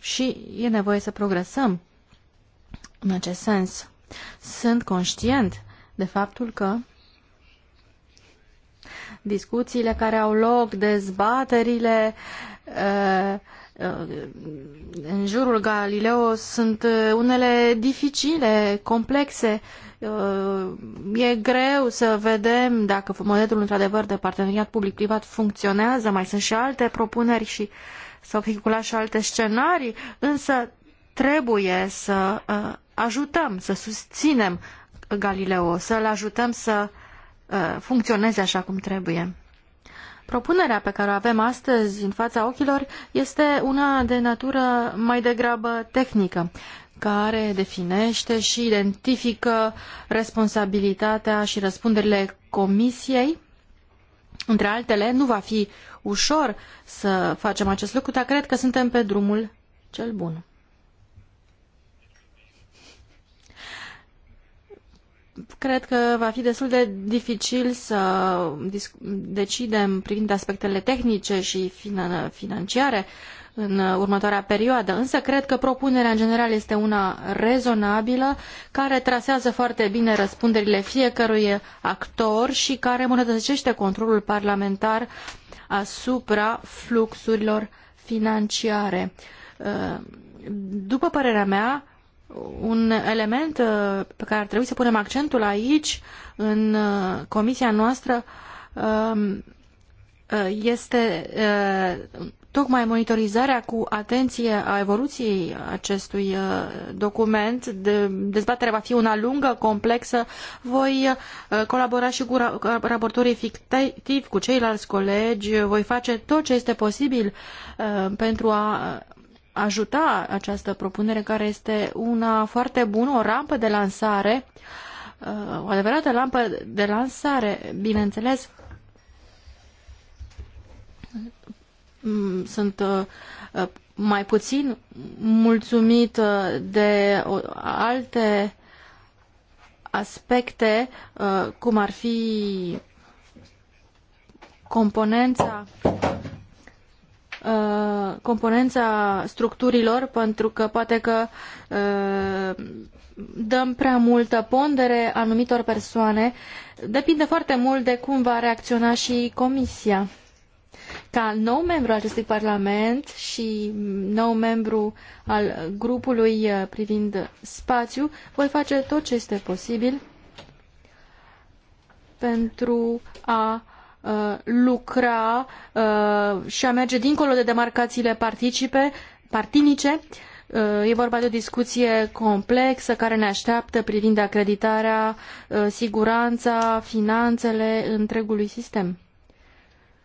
Și e nevoie să progresăm în acest sens. Sunt conștient de faptul că discuțiile care au loc, dezbaterile uh, uh, în jurul Galileo sunt uh, unele dificile, complexe. E greu să vedem dacă modelul într-adevăr de parteneriat public-privat funcționează, mai sunt și alte propuneri și s-au vehiculat și alte scenarii, însă trebuie să ajutăm, să susținem Galileo, să-l ajutăm să uh, funcționeze așa cum trebuie. Propunerea pe care o avem astăzi în fața ochilor este una de natură mai degrabă tehnică, care definește și identifică responsabilitatea și răspunderile comisiei. Între altele, nu va fi ușor să facem acest lucru, dar cred că suntem pe drumul cel bun. cred că va fi destul de dificil să decidem privind aspectele tehnice și financiare în următoarea perioadă. Însă cred că propunerea în general este una rezonabilă, care trasează foarte bine răspunderile fiecărui actor și care îmbunătățește controlul parlamentar asupra fluxurilor financiare. După părerea mea, un element uh, pe care ar trebui să punem accentul aici, în uh, comisia noastră, um, uh, este tocmai monitorizarea cu atenție a evoluției acestui document. Dezbaterea va fi una lungă, complexă. Voi colabora și cu raportorii fictivi, cu ceilalți colegi. Voi face tot ce este posibil pentru a ajuta această propunere care este una foarte bună, o rampă de lansare, uh, o adevărată lampă de lansare, bineînțeles. Mm, sunt uh, uh, mai puțin mulțumit de alte aspecte, cum ar fi componența uh, componența structurilor, pentru că poate că uh, dăm prea multă pondere anumitor persoane. Depinde foarte mult de cum va reacționa și Comisia. Ca nou membru al acestui Parlament și nou membru al grupului uh, privind spațiu, voi face tot ce este posibil pentru a Uh, lucra uh, și a merge dincolo de demarcațiile participe, partinice. Uh, e vorba de o discuție complexă care ne așteaptă privind acreditarea, siguranța, finanțele întregului sistem.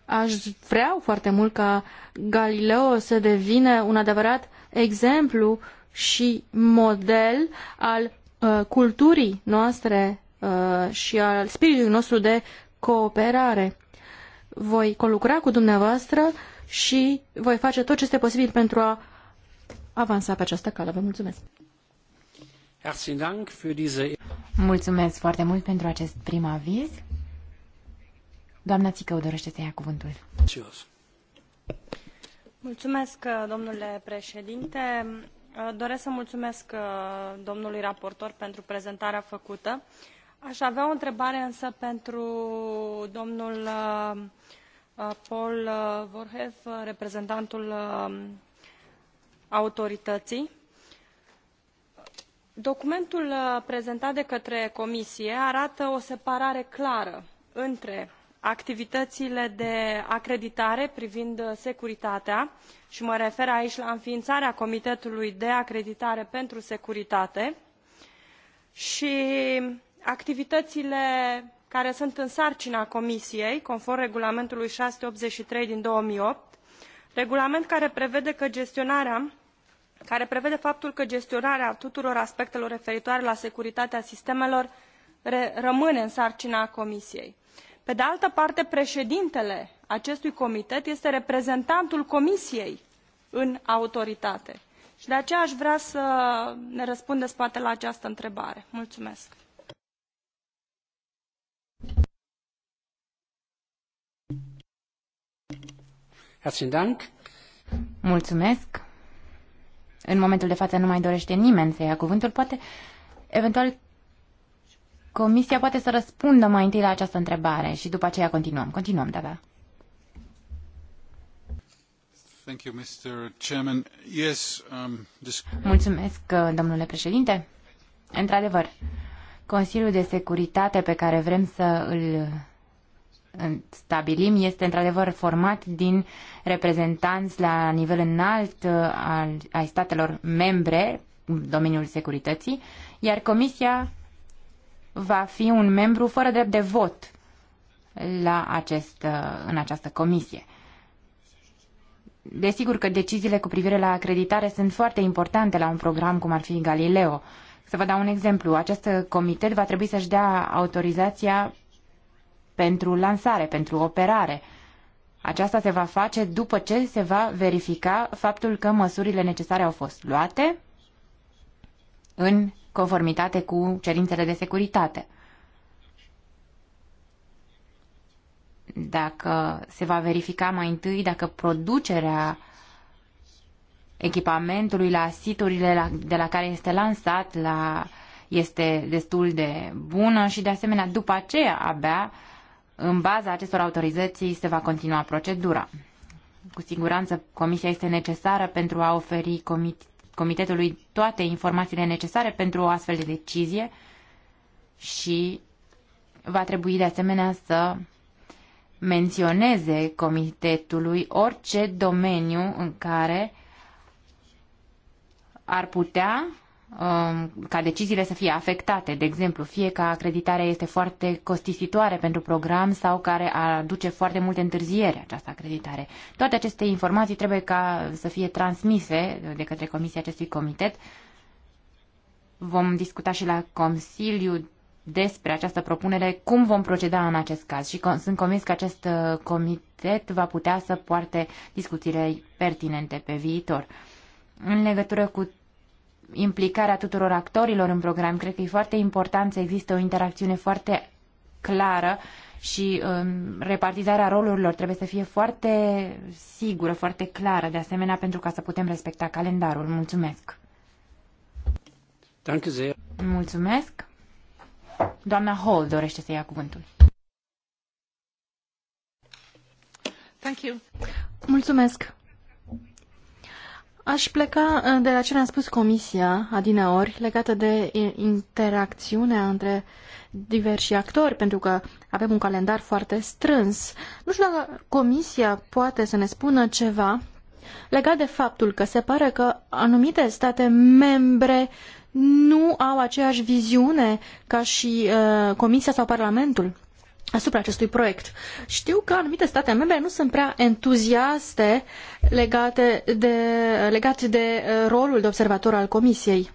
Aș vrea foarte mult ca Galileo să devină un adevărat exemplu și model al culturii noastre și al spiritului nostru de cooperare voi colucra cu dumneavoastră și voi face tot ce este posibil pentru a avansa pe această cale. Vă mulțumesc! Mulțumesc foarte mult pentru acest prim aviz. Doamna Țicău dorește să ia cuvântul. Mulțumesc, domnule președinte. Doresc să mulțumesc domnului raportor pentru prezentarea făcută. Aș avea o întrebare însă pentru domnul uh, uh, Paul uh, Vorhev, reprezentantul autorității. Documentul prezentat de către Comisie arată o separare clară între activitățile de acreditare privind securitatea și mă refer aici la înființarea Comitetului de Acreditare pentru Securitate și activitățile care sunt în sarcina comisiei conform regulamentului șase sute optzeci și trei din două mii opt regulament care prevede că gestionarea care prevede faptul că gestionarea tuturor aspectelor referitoare la securitatea sistemelor rămâne în sarcina comisiei. pe de altă parte preedintele acestui comitet este reprezentantul comisiei în autoritate i de aceea a vrea să ne răspundei poate la această întrebare. mulumesc. În momentul de față nu mai dorește nimeni să ia cuvântul. Poate, eventual, Comisia poate să răspundă mai întâi la această întrebare și după aceea continuăm. Continuăm, da, da. Um, Mulțumesc, uh, domnule președinte. Într-adevăr, Consiliul de Securitate pe care vrem să îl stabilim este într-adevăr format din reprezentanți la nivel înalt uh, al, ai statelor membre în domeniul securității, iar Comisia va fi un membru fără drept de vot la acest, uh, în această comisie. Desigur că deciziile cu privire la acreditare sunt foarte importante la un program cum ar fi Galileo. Să vă dau un exemplu. Acest comitet va trebui să-și dea autorizația pentru lansare, pentru operare. Aceasta se va face după ce se va verifica faptul că măsurile necesare au fost luate în conformitate cu cerințele de securitate. Dacă se va verifica mai întâi dacă producerea echipamentului la siturile la, de la care este lansat la, este destul de bună și de asemenea după aceea abia uh, în baza acestor autorizații se va continua procedura. Cu siguranță, comisia este necesară pentru a oferi comit comitetului toate informațiile necesare pentru o astfel de decizie și va trebui de asemenea să menționeze comitetului orice domeniu în care ar putea Um, ca deciziile să fie afectate. De exemplu, fie că acreditarea este foarte costisitoare pentru program sau care aduce foarte multe întârzieri această acreditare. Toate aceste informații trebuie ca să fie transmise de către comisia acestui comitet. Vom discuta și la Consiliu despre această propunere, cum vom proceda în acest caz și sunt convins că acest uh, comitet va putea să poarte discuțiile pertinente pe viitor. În legătură cu implicarea tuturor actorilor în program. Cred că e foarte important să existe o interacțiune foarte clară și um, repartizarea rolurilor trebuie să fie foarte sigură, foarte clară, de asemenea, pentru ca să putem respecta calendarul. Mulțumesc! Mulțumesc! Doamna Hall dorește să ia cuvântul. Thank you. Mulțumesc! Aș pleca uh, de la ce ne-a spus Comisia adineori legată de interacțiunea între diversi actori, pentru că avem un calendar foarte strâns. Nu știu dacă Comisia poate să ne spună ceva legat de faptul că se pare că anumite state membre nu au aceeași viziune ca și uh, Comisia sau Parlamentul asupra acestui proiect. Știu că anumite state membre nu sunt prea entuziaste legate de, legate de uh, rolul de observator al Comisiei.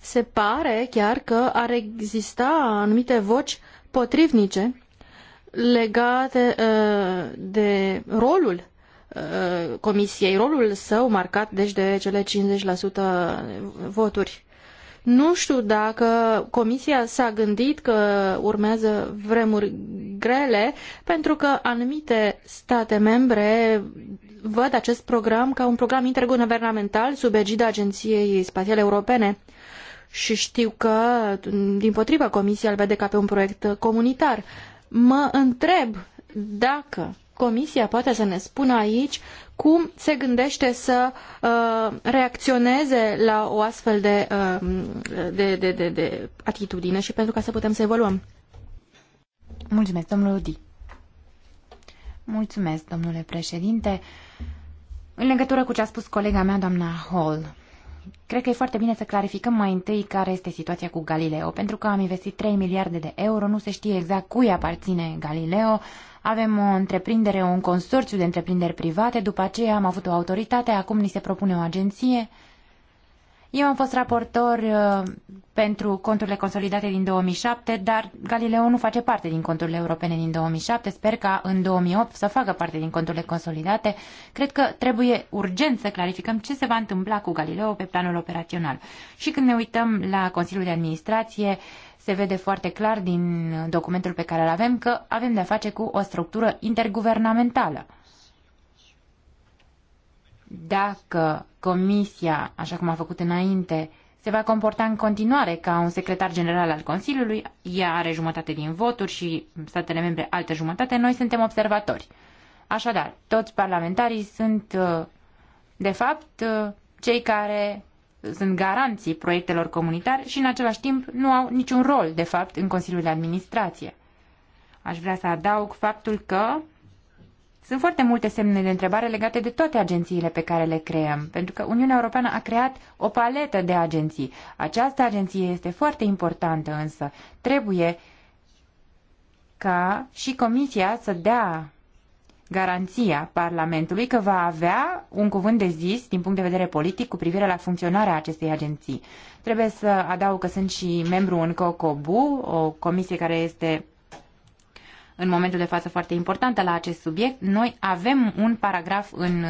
Se pare chiar că ar exista anumite voci potrivnice legate uh, de rolul uh, Comisiei, rolul său marcat deci de cele 50% voturi nu știu dacă Comisia s-a gândit că urmează vremuri grele, pentru că anumite state membre văd acest program ca un program interguvernamental sub egida Agenției Spațiale Europene și știu că, din potriva, Comisia îl vede ca pe un proiect comunitar. Mă întreb dacă Comisia poate să ne spună aici cum se gândește să uh, reacționeze la o astfel de, uh, de, de, de, de atitudine și pentru ca să putem să evoluăm. Mulțumesc, domnule Udi. Mulțumesc, domnule președinte. În legătură cu ce a spus colega mea, doamna Hall, Cred că e foarte bine să clarificăm mai întâi care este situația cu Galileo, pentru că am investit 3 miliarde de euro, nu se știe exact cui aparține Galileo, avem o întreprindere, un consorțiu de întreprinderi private, după aceea am avut o autoritate, acum ni se propune o agenție. Eu am fost raportor uh, pentru conturile consolidate din 2007, dar Galileo nu face parte din conturile europene din 2007. Sper ca în 2008 să facă parte din conturile consolidate. Cred că trebuie urgent să clarificăm ce se va întâmpla cu Galileo pe planul operațional. Și când ne uităm la Consiliul de Administrație, se vede foarte clar din documentul pe care îl avem că avem de-a face cu o structură interguvernamentală dacă Comisia, așa cum a făcut înainte, se va comporta în continuare ca un secretar general al Consiliului, ea are jumătate din voturi și statele membre altă jumătate, noi suntem observatori. Așadar, toți parlamentarii sunt, uh, de fapt, uh, cei care sunt garanții proiectelor comunitare și, în același timp, nu au niciun rol, de fapt, în Consiliul de Administrație. Aș vrea să adaug faptul că sunt foarte multe semne de întrebare legate de toate agențiile pe care le creăm, pentru că Uniunea Europeană a creat o paletă de agenții. Această agenție este foarte importantă, însă trebuie ca și Comisia să dea garanția Parlamentului că va avea un cuvânt de zis din punct de vedere politic cu privire la funcționarea acestei agenții. Trebuie să adaug că sunt și membru în COCOBU, o comisie care este în momentul de față foarte importantă la acest subiect. Noi avem un paragraf în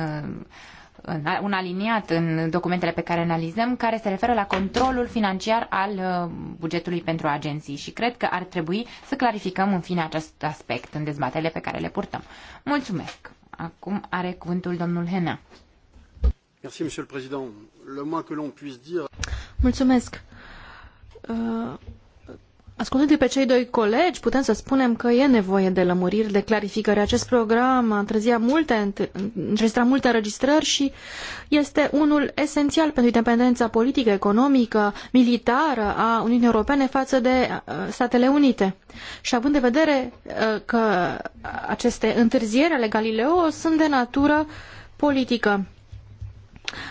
un aliniat în documentele pe care analizăm care se referă la controlul financiar al uh, bugetului pentru agenții și cred că ar trebui să clarificăm în fine acest aspect în dezbatele pe care le purtăm. Mulțumesc! Acum are cuvântul domnul Hena. Mulțumesc! Uh, Ascultându-i pe cei doi colegi, putem să spunem că e nevoie de lămuriri, de clarificări. Acest program a întrezia multe, înregistra multe înregistrări și este unul esențial pentru independența politică, economică, militară a Uniunii Europene față de uh, Statele Unite. Și având de vedere uh, că aceste întârzieri ale Galileo sunt de natură politică.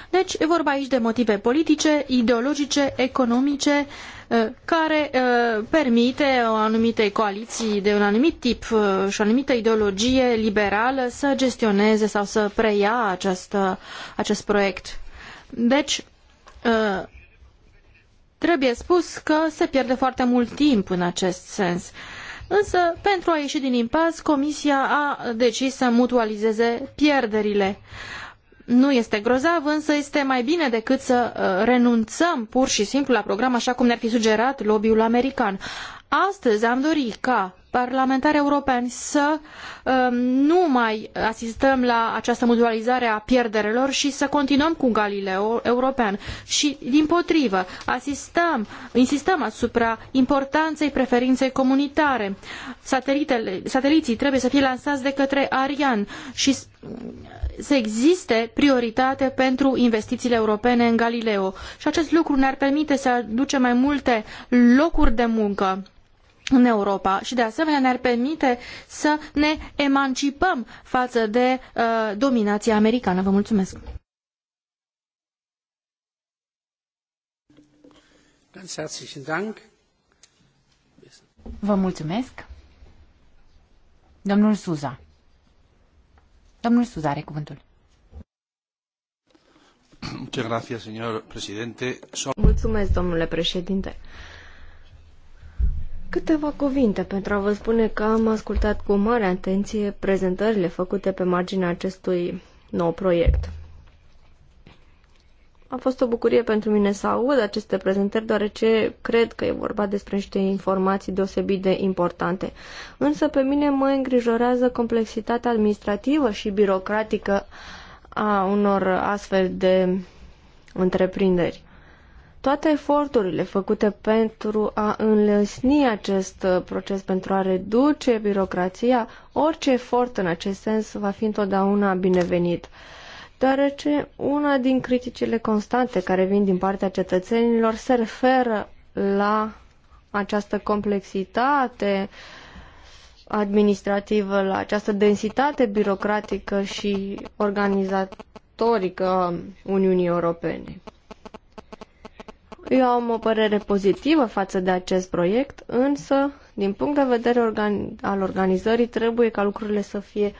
Deci e vorba aici de motive politice, ideologice, economice, uh, Uh, care uh, permite o anumite coaliții de un anumit tip uh, și o anumită ideologie liberală să gestioneze sau să preia această, acest proiect. Deci, trebuie spus că se pierde foarte mult timp în acest sens. Însă, pentru a ieși din impas, Comisia a decis să mutualizeze pierderile. Uh, nu este grozav, însă este mai bine decât să uh, renunțăm pur și simplu la program așa cum ne-ar fi sugerat lobby-ul american. Astăzi am dorit ca parlamentari europeni să um, nu mai asistăm la această mutualizare a pierderilor și să continuăm cu Galileo european. Și, din potrivă, asistăm, insistăm asupra importanței preferinței comunitare. Satelitele, sateliții trebuie să fie lansați de către Ariane și să existe prioritate pentru investițiile europene în Galileo. Și acest lucru ne-ar permite să aducem mai multe locuri de muncă în Europa și de asemenea ne-ar permite să ne emancipăm față de uh, dominația americană. Vă mulțumesc! Vă mulțumesc! Domnul Suza. Domnul Suzare, cuvântul. Mulțumesc, domnule președinte. Câteva cuvinte pentru a vă spune că am ascultat cu mare atenție prezentările făcute pe marginea acestui nou proiect. A fost o bucurie pentru mine să aud aceste prezentări, deoarece cred că e vorba despre niște informații deosebit de importante. Însă pe mine mă îngrijorează complexitatea administrativă și birocratică a unor astfel de întreprinderi. Toate eforturile făcute pentru a înlesni acest proces, pentru a reduce birocrația, orice efort în acest sens va fi întotdeauna binevenit deoarece una din criticile constante care vin din partea cetățenilor se referă la această complexitate administrativă, la această densitate birocratică și organizatorică a Uniunii Europene. Eu am o părere pozitivă față de acest proiect, însă, din punct de vedere organi al organizării, trebuie ca lucrurile să fie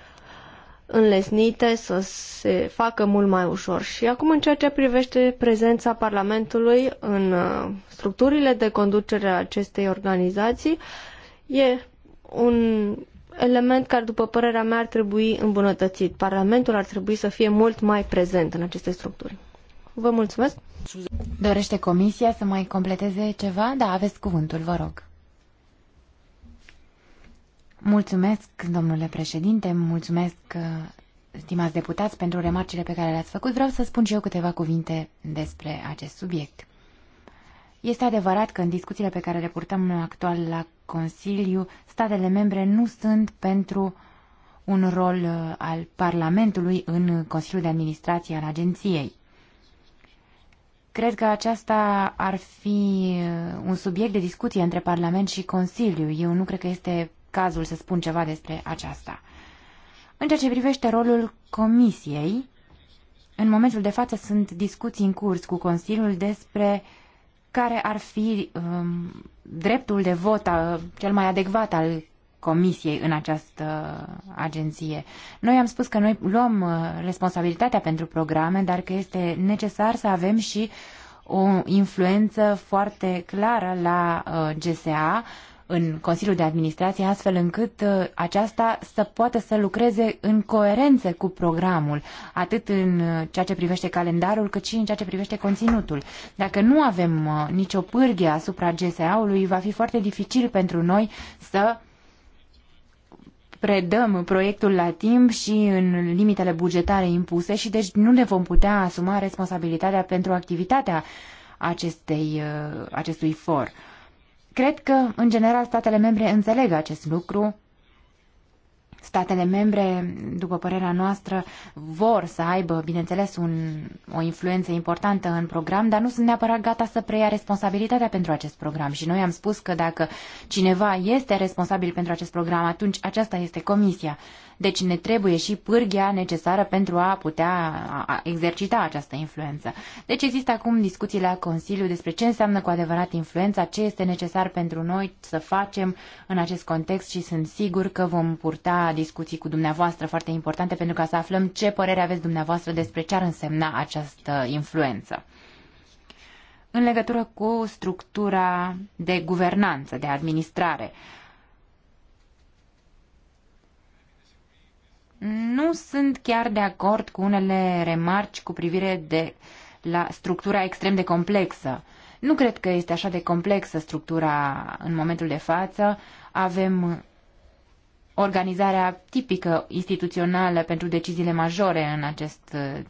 înlesnite, să se facă mult mai ușor. Și acum în ceea ce privește prezența Parlamentului în uh, structurile de conducere a acestei organizații, e un element care, după părerea mea, ar trebui îmbunătățit. Parlamentul ar trebui să fie mult mai prezent în aceste structuri. Vă mulțumesc! Dorește Comisia să mai completeze ceva? Da, aveți cuvântul, vă rog. Mulțumesc, domnule președinte, mulțumesc, uh, stimați deputați, pentru remarcile pe care le-ați făcut. Vreau să spun și eu câteva cuvinte despre acest subiect. Este adevărat că în discuțiile pe care le purtăm actual la Consiliu, statele membre nu sunt pentru un rol uh, al Parlamentului în Consiliul de Administrație al Agenției. Cred că aceasta ar fi uh, un subiect de discuție între Parlament și Consiliu. Eu nu cred că este cazul să spun ceva despre aceasta. În ceea ce privește rolul Comisiei, în momentul de față sunt discuții în curs cu Consiliul despre care ar fi um, dreptul de vot al, uh, cel mai adecvat al Comisiei în această agenție. Noi am spus că noi luăm uh, responsabilitatea pentru programe, dar că este necesar să avem și o influență foarte clară la uh, GSA în Consiliul de Administrație, astfel încât uh, aceasta să poată să lucreze în coerență cu programul, atât în uh, ceea ce privește calendarul, cât și în ceea ce privește conținutul. Dacă nu avem uh, nicio pârghie asupra GSA-ului, va fi foarte dificil pentru noi să predăm proiectul la timp și în limitele bugetare impuse și deci nu ne vom putea asuma responsabilitatea pentru activitatea acestei, acestui for. Cred că, în general, statele membre înțeleg acest lucru. Statele membre, după părerea noastră, vor să aibă, bineînțeles, un, o influență importantă în program, dar nu sunt neapărat gata să preia responsabilitatea pentru acest program. Și noi am spus că dacă cineva este responsabil pentru acest program, atunci aceasta este comisia. Deci ne trebuie și pârghia necesară pentru a putea exercita această influență. Deci există acum discuții la Consiliu despre ce înseamnă cu adevărat influența, ce este necesar pentru noi să facem în acest context și sunt sigur că vom purta discuții cu dumneavoastră foarte importante pentru ca să aflăm ce părere aveți dumneavoastră despre ce ar însemna această influență în legătură cu structura de guvernanță, de administrare. Nu sunt chiar de acord cu unele remarci cu privire de la structura extrem de complexă. Nu cred că este așa de complexă structura în momentul de față. Avem organizarea tipică instituțională pentru deciziile majore în acest uh,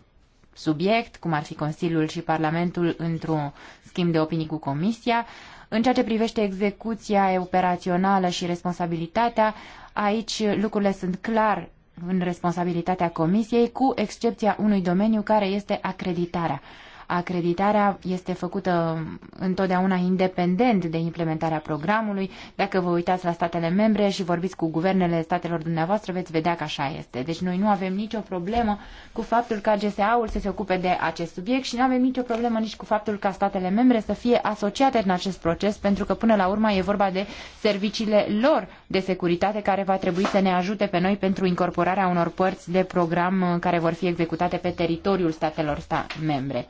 subiect, cum ar fi Consiliul și Parlamentul într-un schimb de opinii cu Comisia. În ceea ce privește execuția operațională și responsabilitatea, aici lucrurile sunt clar în responsabilitatea Comisiei, cu excepția unui domeniu care este acreditarea. Acreditarea este făcută întotdeauna independent de implementarea programului. Dacă vă uitați la statele membre și vorbiți cu guvernele statelor dumneavoastră, veți vedea că așa este. Deci noi nu avem nicio problemă cu faptul ca GSA-ul să se ocupe de acest subiect și nu avem nicio problemă nici cu faptul ca statele membre să fie asociate în acest proces, pentru că până la urmă e vorba de serviciile lor de securitate care va trebui să ne ajute pe noi pentru incorporarea unor părți de program care vor fi executate pe teritoriul statelor sta membre.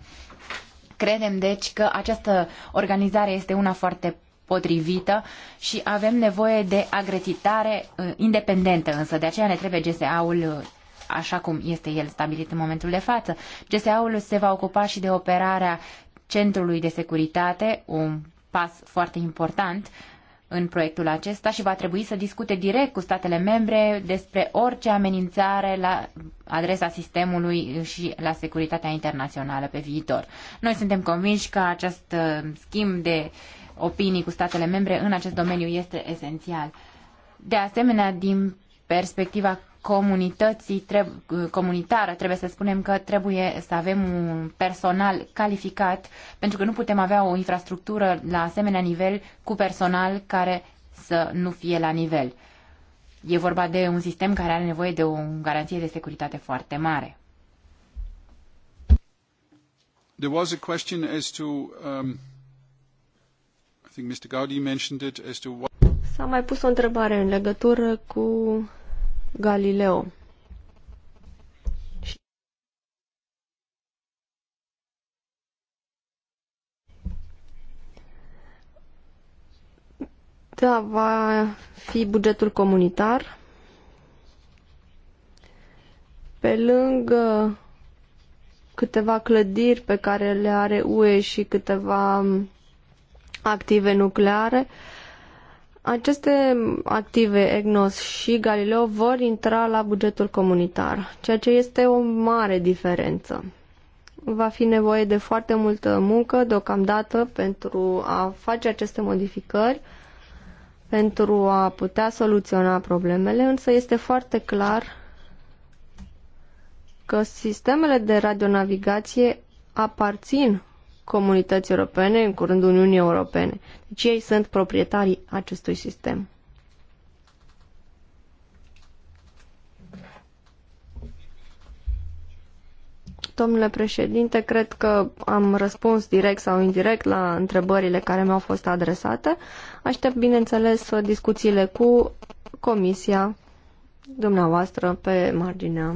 Credem, deci, că această organizare este una foarte potrivită și avem nevoie de agretitare uh, independentă, însă de aceea ne trebuie GSA-ul uh, așa cum este el stabilit în momentul de față. GSA-ul se va ocupa și de operarea Centrului de Securitate, un pas foarte important, în proiectul acesta și va trebui să discute direct cu statele membre despre orice amenințare la adresa sistemului și la securitatea internațională pe viitor. Noi suntem convinși că acest uh, schimb de opinii cu statele membre în acest domeniu este esențial. De asemenea, din perspectiva comunității treb, comunitară, trebuie să spunem că trebuie să avem un personal calificat, pentru că nu putem avea o infrastructură la asemenea nivel cu personal care să nu fie la nivel. E vorba de un sistem care are nevoie de o garanție de securitate foarte mare. There was a question as to, um, I think Mr. Gaudi mentioned it, as to what... S-a mai pus o întrebare în legătură cu Galileo. Da, va fi bugetul comunitar. Pe lângă câteva clădiri pe care le are UE și câteva active nucleare, uh, aceste active EGNOS și Galileo vor intra la bugetul comunitar, ceea ce este o mare diferență. Va fi nevoie de foarte multă muncă deocamdată pentru a face aceste modificări, pentru a putea soluționa problemele, însă este foarte clar că sistemele de radionavigație aparțin comunități europene, în curând Uniunii Europene. Deci ei sunt proprietarii acestui sistem. Domnule președinte, cred că am răspuns direct sau indirect la întrebările care mi-au fost adresate. Aștept, bineînțeles, discuțiile cu Comisia dumneavoastră pe marginea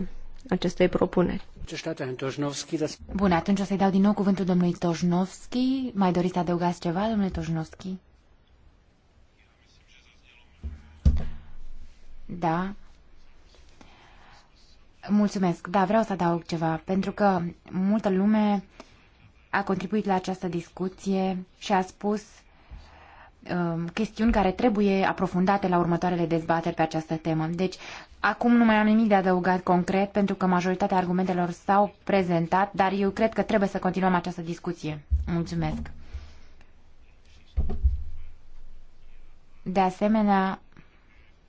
acestei propuneri. Bun, atunci o să-i dau din nou cuvântul domnului Toșnovski. Mai doriți să adăugați ceva, domnule Toșnovski? Da. Mulțumesc. Da, vreau să adaug ceva, pentru că multă lume a contribuit la această discuție și a spus Um, chestiuni care trebuie aprofundate la următoarele dezbateri pe această temă. Deci, acum nu mai am nimic de adăugat concret, pentru că majoritatea argumentelor s-au prezentat, dar eu cred că trebuie să continuăm această discuție. Mulțumesc! De asemenea,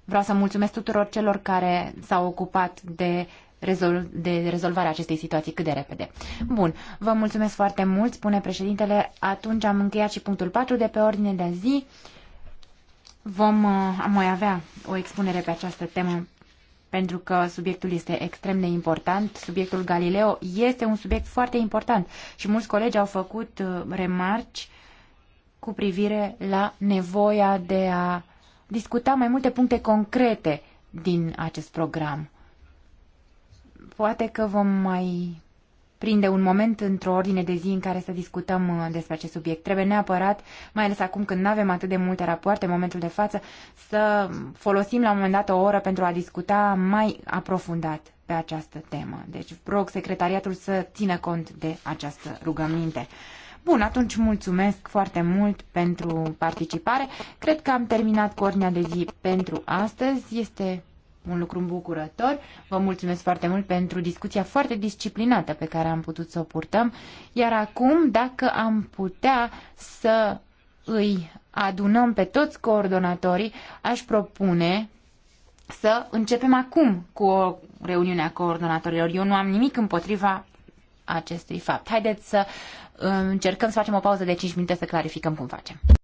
vreau să mulțumesc tuturor celor care s-au ocupat de rezol- de rezolvarea acestei situații cât de repede. Bun, vă mulțumesc foarte mult, spune președintele. Atunci am încheiat și punctul 4 de pe ordine de zi. Vom uh, mai avea o expunere pe această temă pentru că subiectul este extrem de important. Subiectul Galileo este un subiect foarte important și mulți colegi au făcut uh, remarci cu privire la nevoia de a discuta mai multe puncte concrete din acest program. Poate că vom mai prinde un moment într-o ordine de zi în care să discutăm uh, despre acest subiect. Trebuie neapărat, mai ales acum când nu avem atât de multe rapoarte în momentul de față, să folosim la un moment dat o oră pentru a discuta mai aprofundat pe această temă. Deci rog secretariatul să țină cont de această rugăminte. Bun, atunci mulțumesc foarte mult pentru participare. Cred că am terminat cu ordinea de zi pentru astăzi. Este un lucru îmbucurător. Vă mulțumesc foarte mult pentru discuția foarte disciplinată pe care am putut să o purtăm. Iar acum, dacă am putea să îi adunăm pe toți coordonatorii, aș propune să începem acum cu o reuniune a coordonatorilor. Eu nu am nimic împotriva acestui fapt. Haideți să încercăm să facem o pauză de 5 minute să clarificăm cum facem.